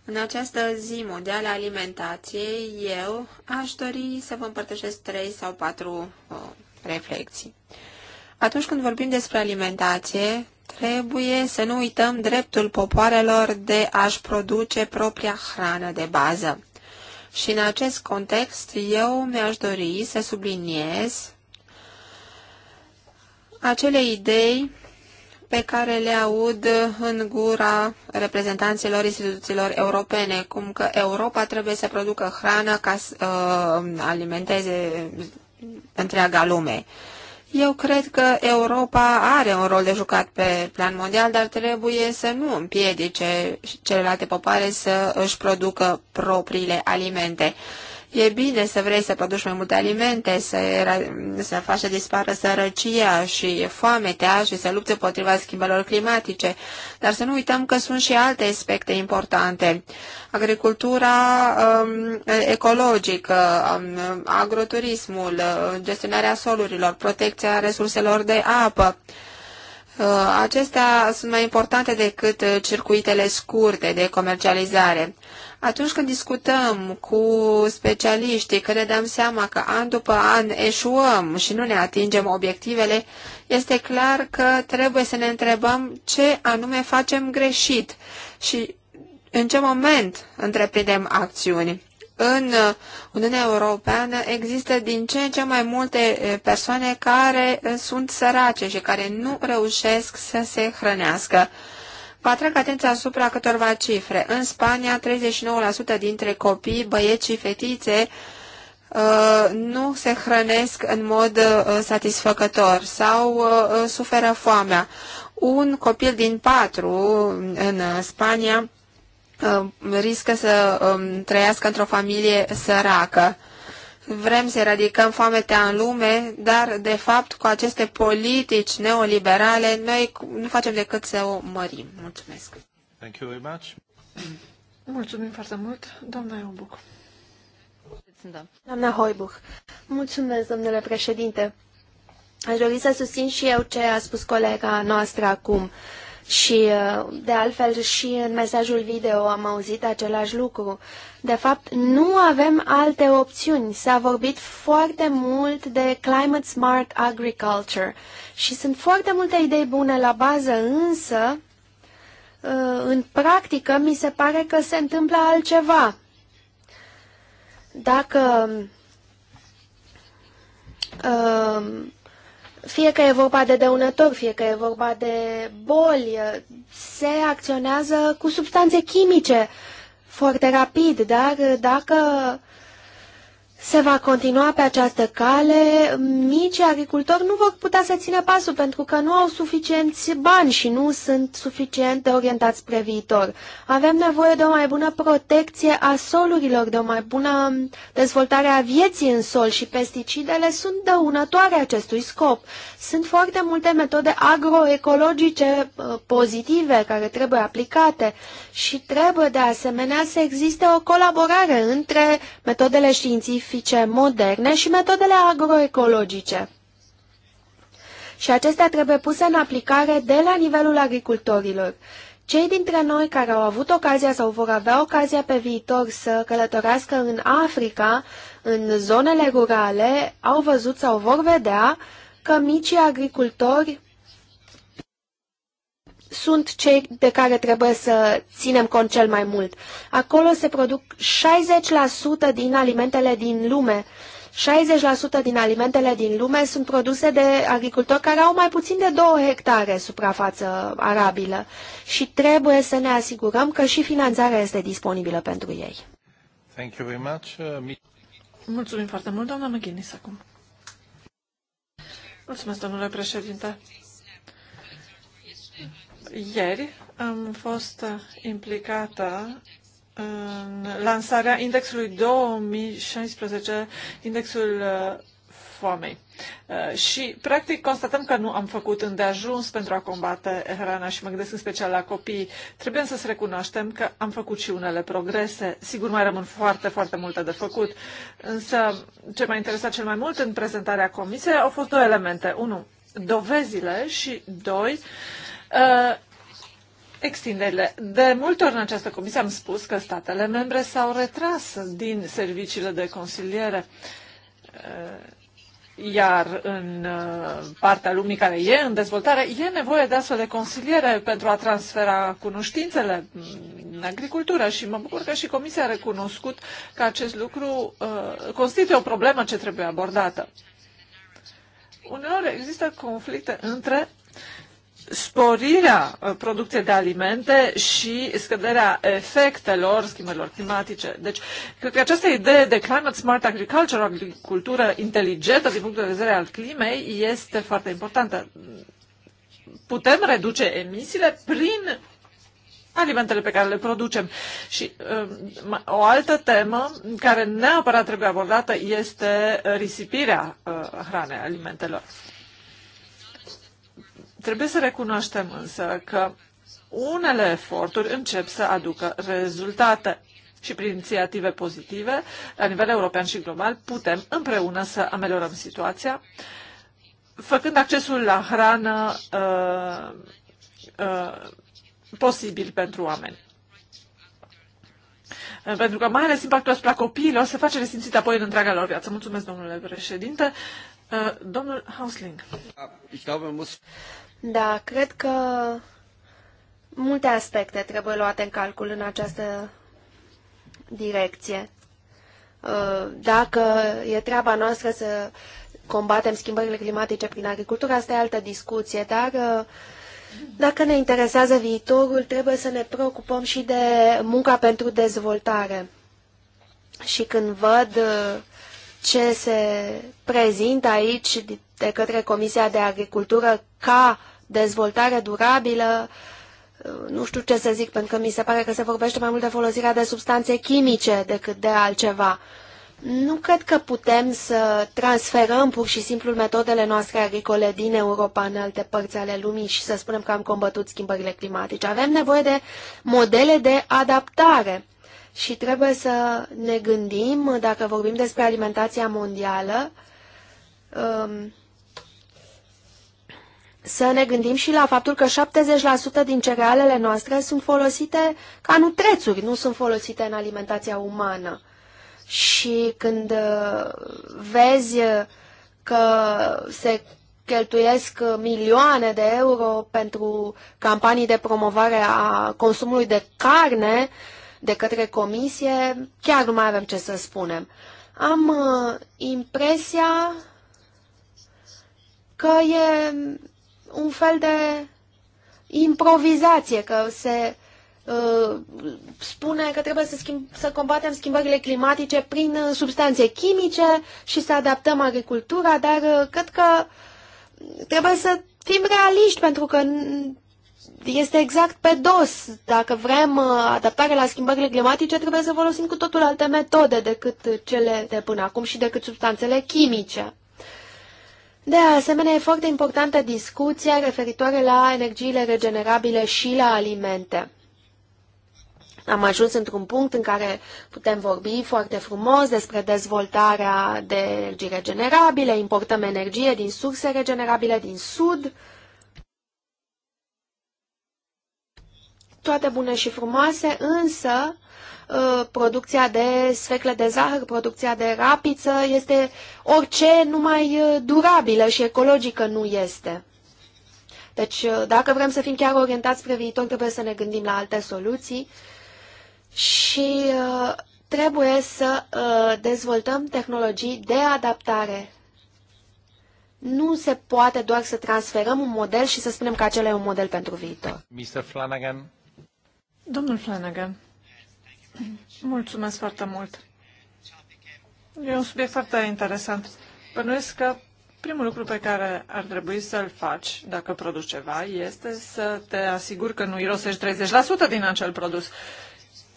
În această zi mondială a alimentației, eu aș dori să vă împărtășesc trei sau patru uh, reflexii. Atunci când vorbim despre alimentație, trebuie să nu uităm dreptul popoarelor de a-și produce propria hrană de bază. Și în acest context, eu mi-aș dori să subliniez acele idei pe care le aud în gura reprezentanților instituțiilor europene, cum că Europa trebuie să producă hrană ca să uh, alimenteze întreaga lume. Uh, eu cred că Europa are un rol de jucat pe plan mondial, dar trebuie să nu împiedice celelalte popoare să își producă propriile alimente. E bine să vrei să produci mai multe alimente, să, era, să faci să dispară sărăcia și foametea și să lupți împotriva schimbărilor climatice, dar să nu uităm că sunt și alte aspecte importante. Agricultura um, ecologică, um, agroturismul, gestionarea solurilor, protecția resurselor de apă, Uh, acestea sunt mai importante decât uh, circuitele scurte de comercializare. Atunci când discutăm cu specialiștii că ne dăm seama că an după an eșuăm și nu ne atingem obiectivele, este clar că trebuie să ne întrebăm ce anume facem greșit și în ce moment întreprindem acțiuni în uh, Uniunea Europeană există din ce în ce mai multe uh, persoane care uh, sunt sărace și care nu reușesc să se hrănească. Vă atrag atenția asupra câtorva cifre. În Spania, 39% dintre copii, băieți și fetițe nu se hrănesc în mod satisfăcător sau suferă foamea. Un copil din patru în Spania Um, riscă să um, trăiască într-o familie săracă. Vrem să eradicăm foametea în lume, dar, de fapt, cu aceste politici neoliberale, noi nu facem decât să o mărim. Mulțumesc! Thank you very much. Mulțumim foarte mult, doamna Iubuc. Doamna Hoibuch, mulțumesc, domnule președinte. Aș dori să susțin și eu ce a spus colega noastră acum. Uh, și, uh, de altfel, și în mesajul video am auzit același lucru. De fapt, nu avem alte opțiuni. S-a vorbit foarte mult de Climate Smart Agriculture și sunt foarte multe idei bune la bază, însă, uh, în practică, mi se pare că se întâmplă altceva. Dacă uh, fie că e vorba de dăunători, fie că e vorba de boli, se acționează cu substanțe chimice foarte rapid, dar dacă se va continua pe această cale, mici agricultori nu vor putea să țină pasul pentru că nu au suficienți bani și nu sunt suficient de orientați spre viitor. Avem nevoie de o mai bună protecție a solurilor, de o mai bună dezvoltare a vieții în sol și pesticidele sunt dăunătoare acestui scop. Sunt foarte multe metode agroecologice uh, pozitive care trebuie aplicate și trebuie de asemenea să existe o colaborare între metodele științifice moderne și metodele agroecologice. Și acestea trebuie puse în aplicare de la nivelul agricultorilor. Cei dintre noi care au avut ocazia sau vor avea ocazia pe viitor să călătorească în Africa, în zonele rurale, au văzut sau vor vedea că micii agricultori sunt cei de care trebuie să ținem cont cel mai mult. Acolo se produc 60% din alimentele din lume. 60% din alimentele din lume sunt produse de agricultori care au mai puțin de 2 hectare suprafață arabilă și trebuie să ne asigurăm că și finanțarea este disponibilă pentru ei. Thank you very much. Uh, Mulțumim foarte mult, doamna McGuinness, acum. Mulțumesc, domnule președinte. Ieri am fost implicată în lansarea indexului 2016, indexul uh, foamei. Uh, și, practic, constatăm că nu am făcut îndeajuns pentru a combate hrana și mă gândesc în special la copii. Trebuie să se recunoaștem că am făcut și unele progrese. Sigur, mai rămân foarte, foarte multe de făcut. Însă, ce m-a interesat cel mai mult în prezentarea comisiei au fost două elemente. Unu, dovezile și, doi, uh, uh, extinderile. De multe ori în această comisie am spus că statele membre s-au retras din serviciile de consiliere. Uh, iar în uh, partea lumii care e în dezvoltare, e nevoie de astfel de consiliere pentru a transfera cunoștințele în agricultură și mă bucur că și Comisia a recunoscut că acest lucru uh, constituie o problemă ce trebuie abordată. Uneori există conflicte între sporirea uh, producției de alimente și scăderea efectelor schimbărilor climatice. Deci, cred că această idee de climate smart agriculture, agricultură inteligentă din punctul de vedere al climei, este foarte importantă. Putem reduce emisiile prin alimentele pe care le producem. Și um, o altă temă care neapărat trebuie abordată este uh, risipirea uh, hranei alimentelor. Trebuie să recunoaștem însă că unele eforturi încep să aducă rezultate și prin inițiative pozitive, la nivel european și global, putem împreună să ameliorăm situația, făcând accesul la hrană uh, uh, posibil pentru oameni. Pentru că mai ales impactul asupra copiilor se face resimțit apoi în întreaga lor viață. Mulțumesc, domnule președinte. Uh, domnul Hausling. Da, da, cred că multe aspecte trebuie luate în calcul în această direcție. Uh, dacă e treaba noastră să combatem schimbările climatice prin agricultură, asta e altă discuție, dar uh, dacă ne interesează viitorul, trebuie să ne preocupăm și de munca pentru dezvoltare. Și când văd uh, ce se prezintă aici de către Comisia de Agricultură ca dezvoltare durabilă, nu știu ce să zic, pentru că mi se pare că se vorbește mai mult de folosirea de substanțe chimice decât de altceva. Nu cred că putem să transferăm pur și simplu metodele noastre agricole din Europa în alte părți ale lumii și să spunem că am combătut schimbările climatice. Avem nevoie de modele de adaptare și trebuie să ne gândim, dacă vorbim despre alimentația mondială, um, să ne gândim și la faptul că 70% din cerealele noastre sunt folosite ca nutrețuri, nu sunt folosite în alimentația umană. Și când uh, vezi uh, că se cheltuiesc milioane de euro pentru campanii de promovare a consumului de carne de către comisie, chiar nu mai avem ce să spunem. Am uh, impresia că e un fel de improvizație, că se uh, spune că trebuie să, schimb, să combatem schimbările climatice prin uh, substanțe chimice și să adaptăm agricultura, dar uh, cred că trebuie să fim realiști, pentru că este exact pe dos. Dacă vrem uh, adaptare la schimbările climatice, trebuie să folosim cu totul alte metode decât cele de până acum și decât substanțele chimice. De asemenea, e foarte importantă discuția referitoare la energiile regenerabile și la alimente. Am ajuns într-un punct în care putem vorbi foarte frumos despre dezvoltarea de energii regenerabile, importăm energie din surse regenerabile din sud, toate bune și frumoase, însă Uh, producția de sfecle de zahăr, producția de rapiță, este orice numai uh, durabilă și ecologică nu este. Deci, uh, dacă vrem să fim chiar orientați spre viitor, trebuie să ne gândim la alte soluții și trebuie să dezvoltăm tehnologii de adaptare. Nu se poate doar să transferăm un model și să spunem că acela e un model pentru viitor. Mr. Flanagan. Domnul Flanagan. Mulțumesc foarte mult. E un subiect foarte interesant. Bănuiesc că primul lucru pe care ar trebui să-l faci dacă produci ceva este să te asiguri că nu irosești 30% din acel produs.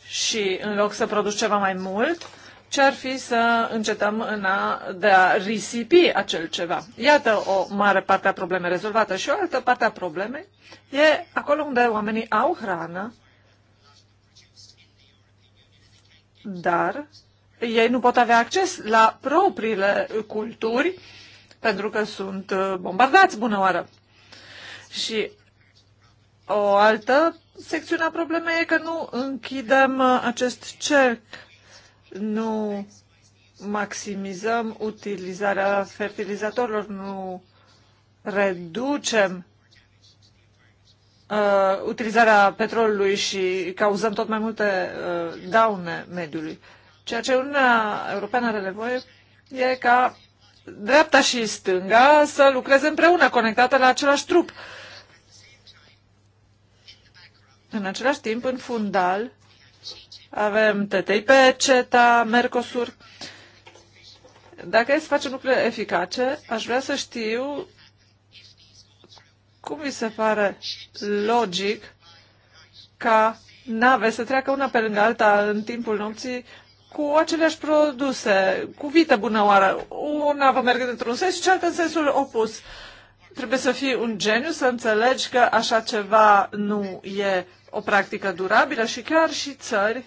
Și în loc să produci ceva mai mult, ce ar fi să încetăm în a, de a risipi acel ceva. Iată o mare parte a problemei rezolvată și o altă parte a problemei e acolo unde oamenii au hrană, dar ei nu pot avea acces la propriile culturi pentru că sunt uh, bombardați, bună oară. Și o altă secțiune a problemei e că nu închidem uh, acest cerc, nu maximizăm utilizarea fertilizatorilor, nu reducem uh, utilizarea petrolului și cauzăm tot mai multe uh, daune mediului. Ceea ce Uniunea Europeană are nevoie e ca dreapta și stânga să lucreze împreună, conectate la același trup. În același timp, în fundal, avem TTIP, CETA, Mercosur. Dacă e să facem lucrurile eficace, aș vrea să știu cum vi se pare logic ca nave să treacă una pe lângă alta în timpul nopții cu aceleași produse, cu vită bună oară, o va merge într-un sens și cealaltă în sensul opus. Trebuie să fii un geniu să înțelegi că așa ceva nu e o practică durabilă și chiar și țări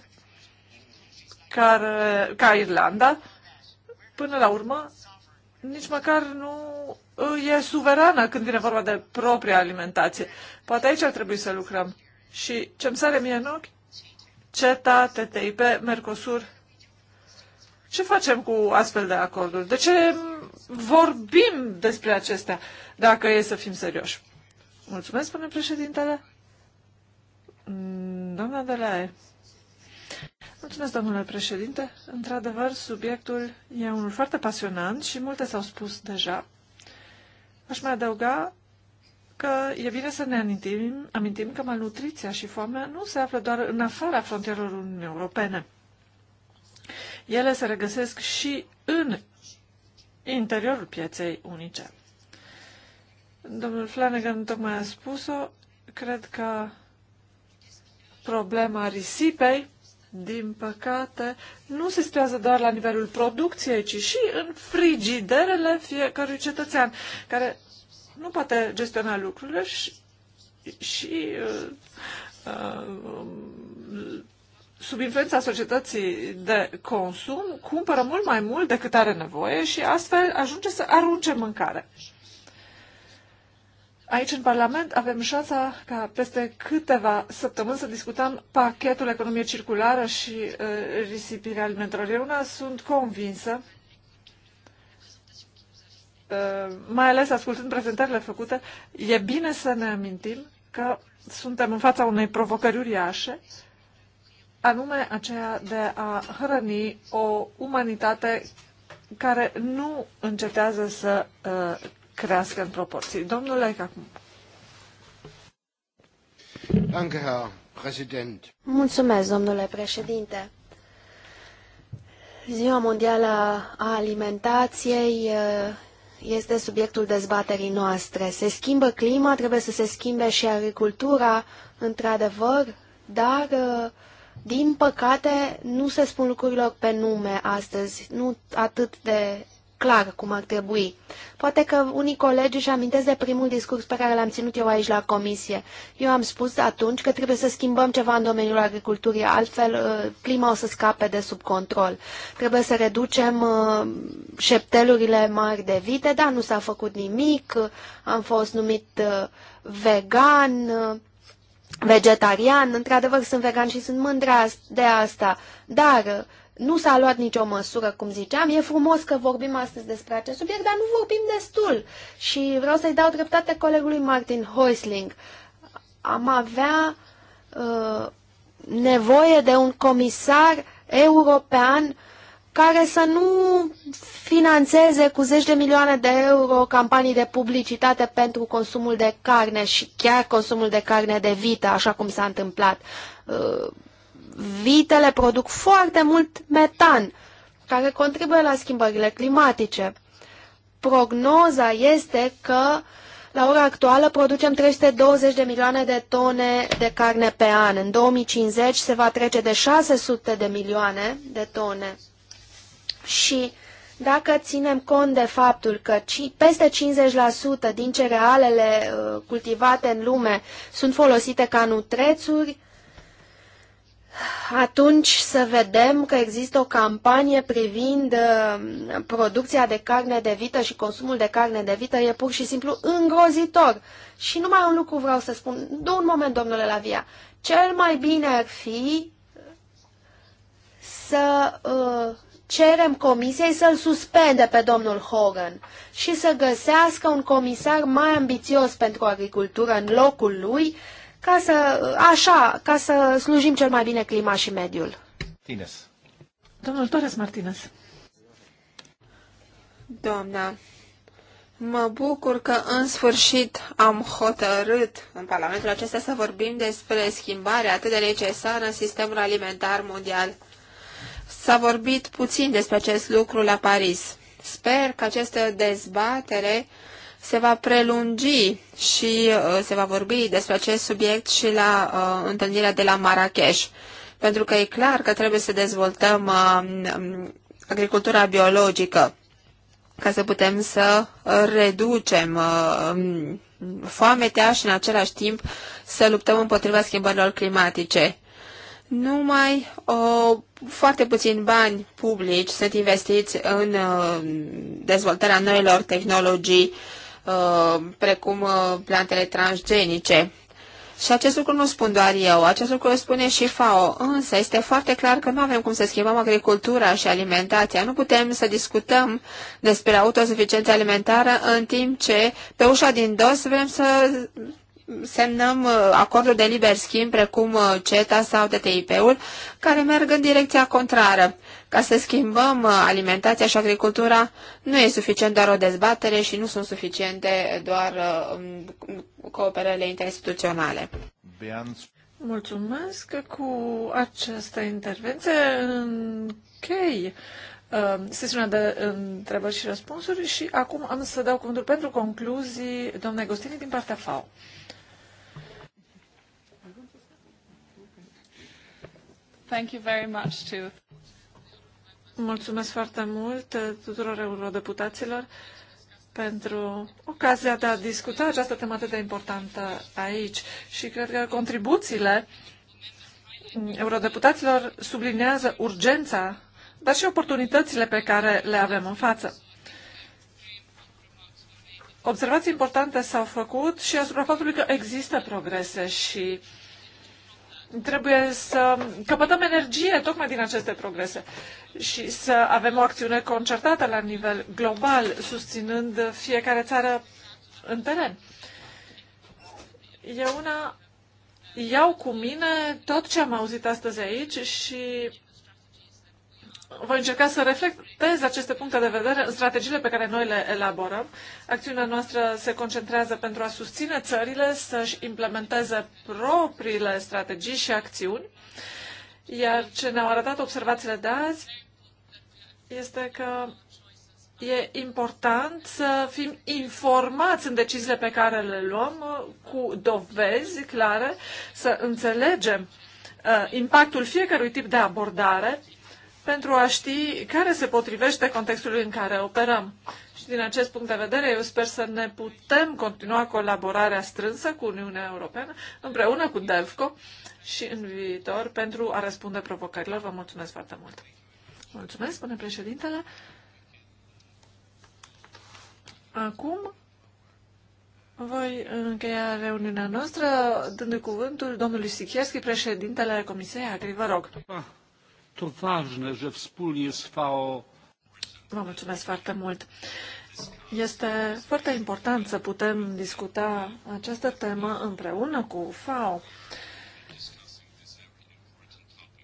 care, ca Irlanda, până la urmă nici măcar nu uh, e suverană când vine vorba de propria alimentație. Poate aici ar trebui să lucrăm. Și ce-mi sare mie în ochi? CETA, TTIP, Mercosur. Ce facem cu astfel de acorduri? De ce vorbim despre acestea, dacă e să fim serioși? Mulțumesc, spune președintele. Mm, doamna de Delae. Mulțumesc, domnule președinte. Într-adevăr, subiectul e unul foarte pasionant și multe s-au spus deja. Aș mai adăuga că e bine să ne amintim, amintim că malnutriția și foamea nu se află doar în afara frontierelor Uniunii Europene. Ele se regăsesc și în interiorul pieței unice. Domnul Flanagan tocmai a spus-o, cred că problema risipei din păcate, nu se situează doar la nivelul producției, ci și în frigiderele fiecărui cetățean, care nu poate gestiona lucrurile și, și uh, uh, sub influența societății de consum, cumpără mult mai mult decât are nevoie și astfel ajunge să arunce mâncare. Aici, în Parlament, avem șansa ca peste câteva săptămâni să discutăm pachetul economie circulară și uh, risipirea alimentelor. Eu una sunt convinsă, uh, mai ales ascultând prezentările făcute, e bine să ne amintim că suntem în fața unei provocări uriașe, anume aceea de a hrăni o umanitate care nu încetează să uh, crească în proporții. Domnule, acum. Mulțumesc, domnule președinte. Ziua Mondială a Alimentației eh, este subiectul dezbaterii noastre. Se schimbă clima, trebuie să se schimbe și agricultura, într-adevăr, dar, eh, din păcate, nu se spun lucrurilor pe nume astăzi, nu atât de clar cum ar trebui. Poate că unii colegi își amintesc de primul discurs pe care l-am ținut eu aici la comisie. Eu am spus atunci că trebuie să schimbăm ceva în domeniul agriculturii, altfel uh, clima o să scape de sub control. Trebuie să reducem uh, șeptelurile mari de vite, dar nu s-a făcut nimic, am fost numit uh, vegan, vegetarian, într-adevăr sunt vegan și sunt mândră de asta, dar nu s-a luat nicio măsură, cum ziceam. E frumos că vorbim astăzi despre acest subiect, dar nu vorbim destul. Și vreau să-i dau dreptate colegului Martin Hoisling. Am avea uh, nevoie de un comisar european care să nu financeze cu zeci de milioane de euro campanii de publicitate pentru consumul de carne și chiar consumul de carne de vită, așa cum s-a întâmplat. Uh, vitele produc foarte mult metan, care contribuie la schimbările climatice. Prognoza este că la ora actuală producem 320 de milioane de tone de carne pe an. În 2050 se va trece de 600 de milioane de tone. Și dacă ținem cont de faptul că peste 50% din cerealele uh, cultivate în lume sunt folosite ca nutrețuri, atunci să vedem că există o campanie privind uh, producția de carne de vită și consumul de carne de vită e pur și simplu îngrozitor. Și numai un lucru vreau să spun. De un moment, domnule Lavia. Cel mai bine ar fi să uh, cerem comisiei să-l suspende pe domnul Hogan și să găsească un comisar mai ambițios pentru agricultură în locul lui uh, ca să, așa, ca să slujim cel mai bine clima și mediul. Tines. Domnul Torres Martinez. Doamna, mă bucur că în sfârșit am hotărât în Parlamentul acesta să vorbim despre schimbarea atât de necesară în sistemul alimentar mondial. S-a vorbit puțin despre acest lucru la Paris. Sper că aceste dezbatere se va prelungi și uh, se va vorbi despre acest subiect și la uh, întâlnirea de la Marrakesh. Pentru că e clar că trebuie să dezvoltăm um, um, agricultura biologică ca să putem să uh, reducem um, foametea și în același timp să luptăm împotriva schimbărilor climatice. Numai o, foarte puțini bani publici sunt investiți în dezvoltarea noilor tehnologii Uh, precum uh, plantele transgenice. Și acest lucru nu spun doar eu, acest lucru îl spune și FAO, însă este foarte clar că nu avem cum să schimbăm agricultura și alimentația. Nu putem să discutăm despre autosuficiență alimentară în timp ce pe ușa din dos vrem să semnăm uh, acorduri de liber schimb precum CETA sau TTIP-ul, care merg în direcția contrară. Ca să schimbăm uh, alimentația și agricultura, nu e suficient doar o dezbatere și nu sunt suficiente doar uh, um, cooperările interinstituționale. Mulțumesc cu această intervenție. Închei uh, sesiunea de întrebări și răspunsuri și acum am să dau cuvântul pentru concluzii domnului Gostini din partea FAO. Thank you very much to... Mulțumesc foarte mult uh, tuturor eurodeputaților pentru ocazia de a discuta această temă atât de importantă aici. Și cred că contribuțiile mm, eurodeputaților sublinează urgența, dar și oportunitățile pe care le avem în față. Observații importante s-au făcut și asupra faptului că există progrese și uh, trebuie să căpătăm energie tocmai din aceste progrese și să avem o acțiune concertată la nivel global, susținând fiecare țară în teren. Eu una iau cu mine tot ce am auzit astăzi aici și voi încerca să reflectez aceste puncte de vedere în strategiile pe care noi le elaborăm. Acțiunea noastră se concentrează pentru a susține țările să-și implementeze propriile strategii și acțiuni, iar ce ne-au arătat observațiile de azi este că e important să fim informați în deciziile pe care le luăm cu dovezi clare, să înțelegem uh, impactul fiecărui tip de abordare pentru a ști care se potrivește contextului în care operăm. Și din acest punct de vedere, eu sper să ne putem continua colaborarea strânsă cu Uniunea Europeană, împreună cu DELFCO și în viitor, pentru a răspunde provocărilor. Vă mulțumesc foarte mult! Mulțumesc, spune președintele. Acum voi încheia reuniunea noastră dându-i cuvântul domnului Sikierski, președintele Comisiei Agri. Vă rog. Ah. To ważne, że wspólnie z FAO. Vă mulțumesc foarte mult. Este foarte important să putem discuta această temă împreună cu FAO.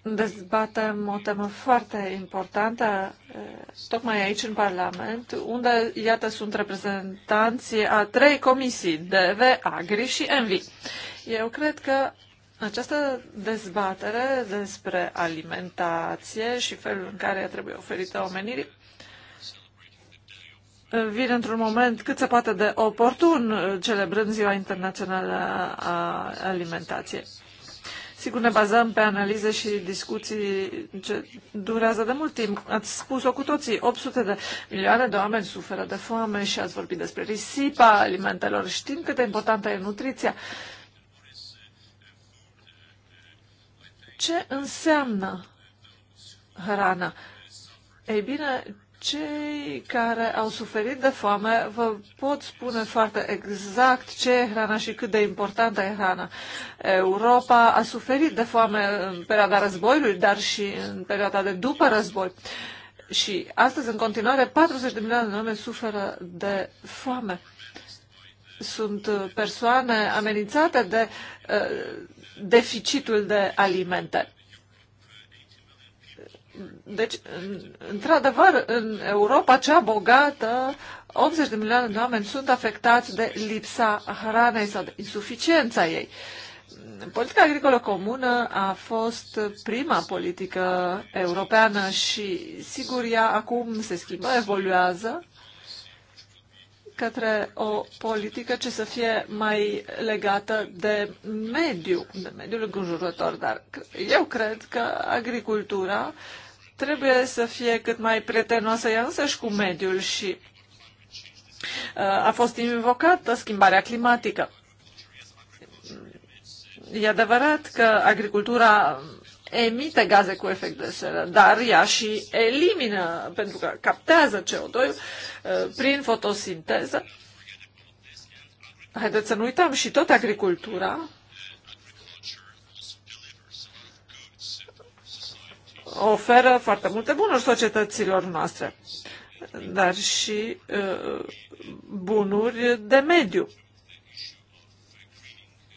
Dezbatem o temă foarte importantă eh, tocmai aici în Parlament, unde, iată, sunt reprezentanții a trei comisii, DV, Agri și Envi. Eu cred că această dezbatere despre alimentație și felul în care trebuie oferită omenirii vine într-un moment cât se poate de oportun, celebrând Ziua Internațională a Alimentației. Sigur, ne bazăm pe analize și discuții ce durează de mult timp. Ați spus-o cu toții, 800 de milioane de oameni suferă de foame și ați vorbit despre risipa alimentelor. Știm cât de importantă e nutriția Ce înseamnă hrana? Ei bine, cei care au suferit de foame vă pot spune foarte exact ce e hrana și cât de importantă e hrana. Europa a suferit de foame în perioada războiului, dar și în perioada de după război. Și astăzi, în continuare, 40 de milioane de oameni suferă de foame. Sunt persoane amenințate de uh, deficitul de alimente. Deci, într-adevăr, în Europa cea bogată, 80 de milioane de oameni sunt afectați de lipsa hranei sau de insuficiența ei. Politica agricolă comună a fost prima politică europeană și, sigur, ea acum se schimbă, evoluează către o politică ce să fie mai legată de mediu, de mediul înconjurător. Dar eu cred că agricultura trebuie să fie cât mai prietenoasă ea însăși cu mediul și uh, a fost invocată schimbarea climatică. E adevărat că agricultura emite gaze cu efect de seră, dar ea și elimină, pentru că captează CO2 uh, prin fotosinteză. Haideți să nu uităm, și tot agricultura oferă foarte multe bunuri societăților noastre, dar și uh, bunuri de mediu.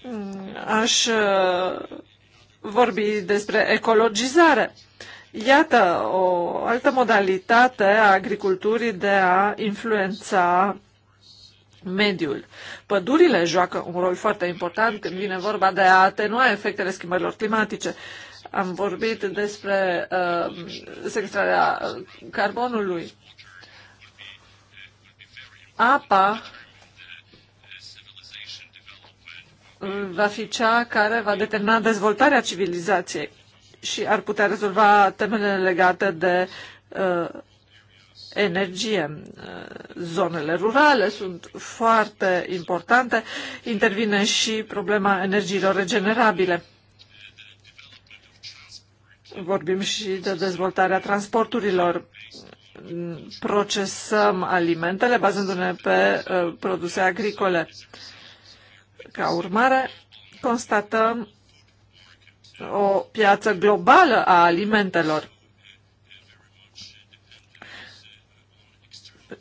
Mm, aș uh, vorbi despre ecologizare. Iată o altă modalitate a agriculturii de a influența mediul. Pădurile joacă un rol foarte important când vine vorba de a atenua efectele schimbărilor climatice. Am vorbit despre uh, secretarea uh, carbonului. Apa va fi cea care va determina dezvoltarea civilizației și ar putea rezolva temele legate de uh, energie. Uh, zonele rurale sunt foarte importante. Intervine și problema energiilor regenerabile. Vorbim și de dezvoltarea transporturilor. Procesăm alimentele bazându-ne pe uh, produse agricole. Uh, ca urmare, constatăm o piață globală a alimentelor.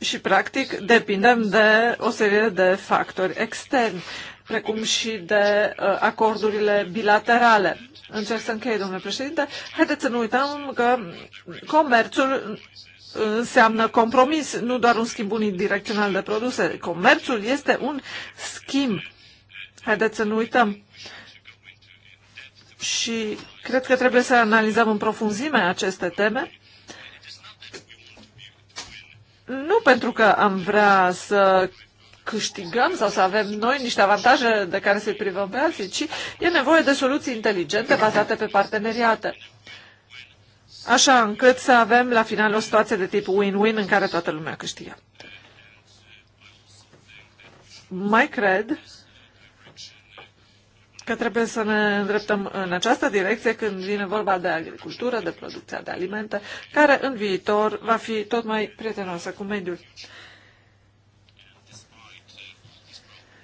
Și, practic, depindem de o serie de factori externi, precum și de uh, acordurile bilaterale. Încerc să închei, domnule președinte. Haideți să nu uităm că comerțul înseamnă compromis, nu doar un schimb unidirecțional de produse. Comerțul este un schimb Haideți să nu uităm. Și cred că trebuie să analizăm în profunzime aceste teme. Nu pentru că am vrea să câștigăm sau să avem noi niște avantaje de care să-i privăm pe alții, ci e nevoie de soluții inteligente bazate pe parteneriate. Așa încât să avem la final o situație de tip win-win în care toată lumea câștigă. Mai cred că trebuie să ne îndreptăm în această direcție când vine vorba de agricultură, de producția de alimente, care în viitor va fi tot mai prietenoasă cu mediul.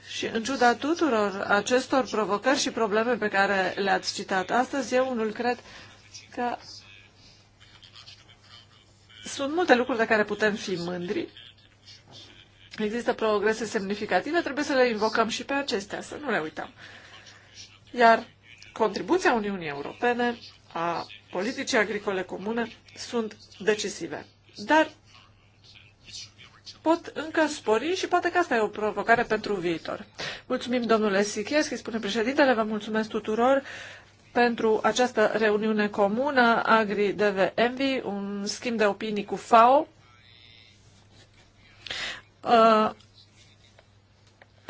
Și în ciuda tuturor acestor provocări și probleme pe care le-ați citat astăzi, eu unul cred că sunt multe lucruri de care putem fi mândri. Există progrese semnificative, trebuie să le invocăm și pe acestea, să nu le uităm. Iar contribuția Uniunii Europene a politicii agricole comune sunt decisive. Dar pot încă spori și poate că asta e o provocare pentru viitor. Mulțumim, domnule Sicheschi, spune președintele, vă mulțumesc tuturor pentru această reuniune comună agri envi un schimb de opinii cu FAO. Uh,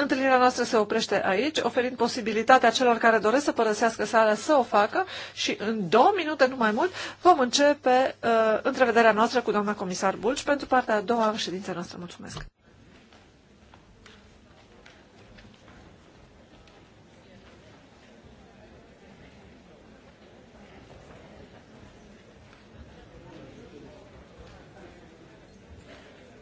Întâlnirea noastră se oprește aici, oferind posibilitatea celor care doresc să părăsească sala să o facă și în două minute, nu mai mult, vom începe uh, întrevederea noastră cu doamna comisar Bulci pentru partea a doua ședință noastră. Mulțumesc!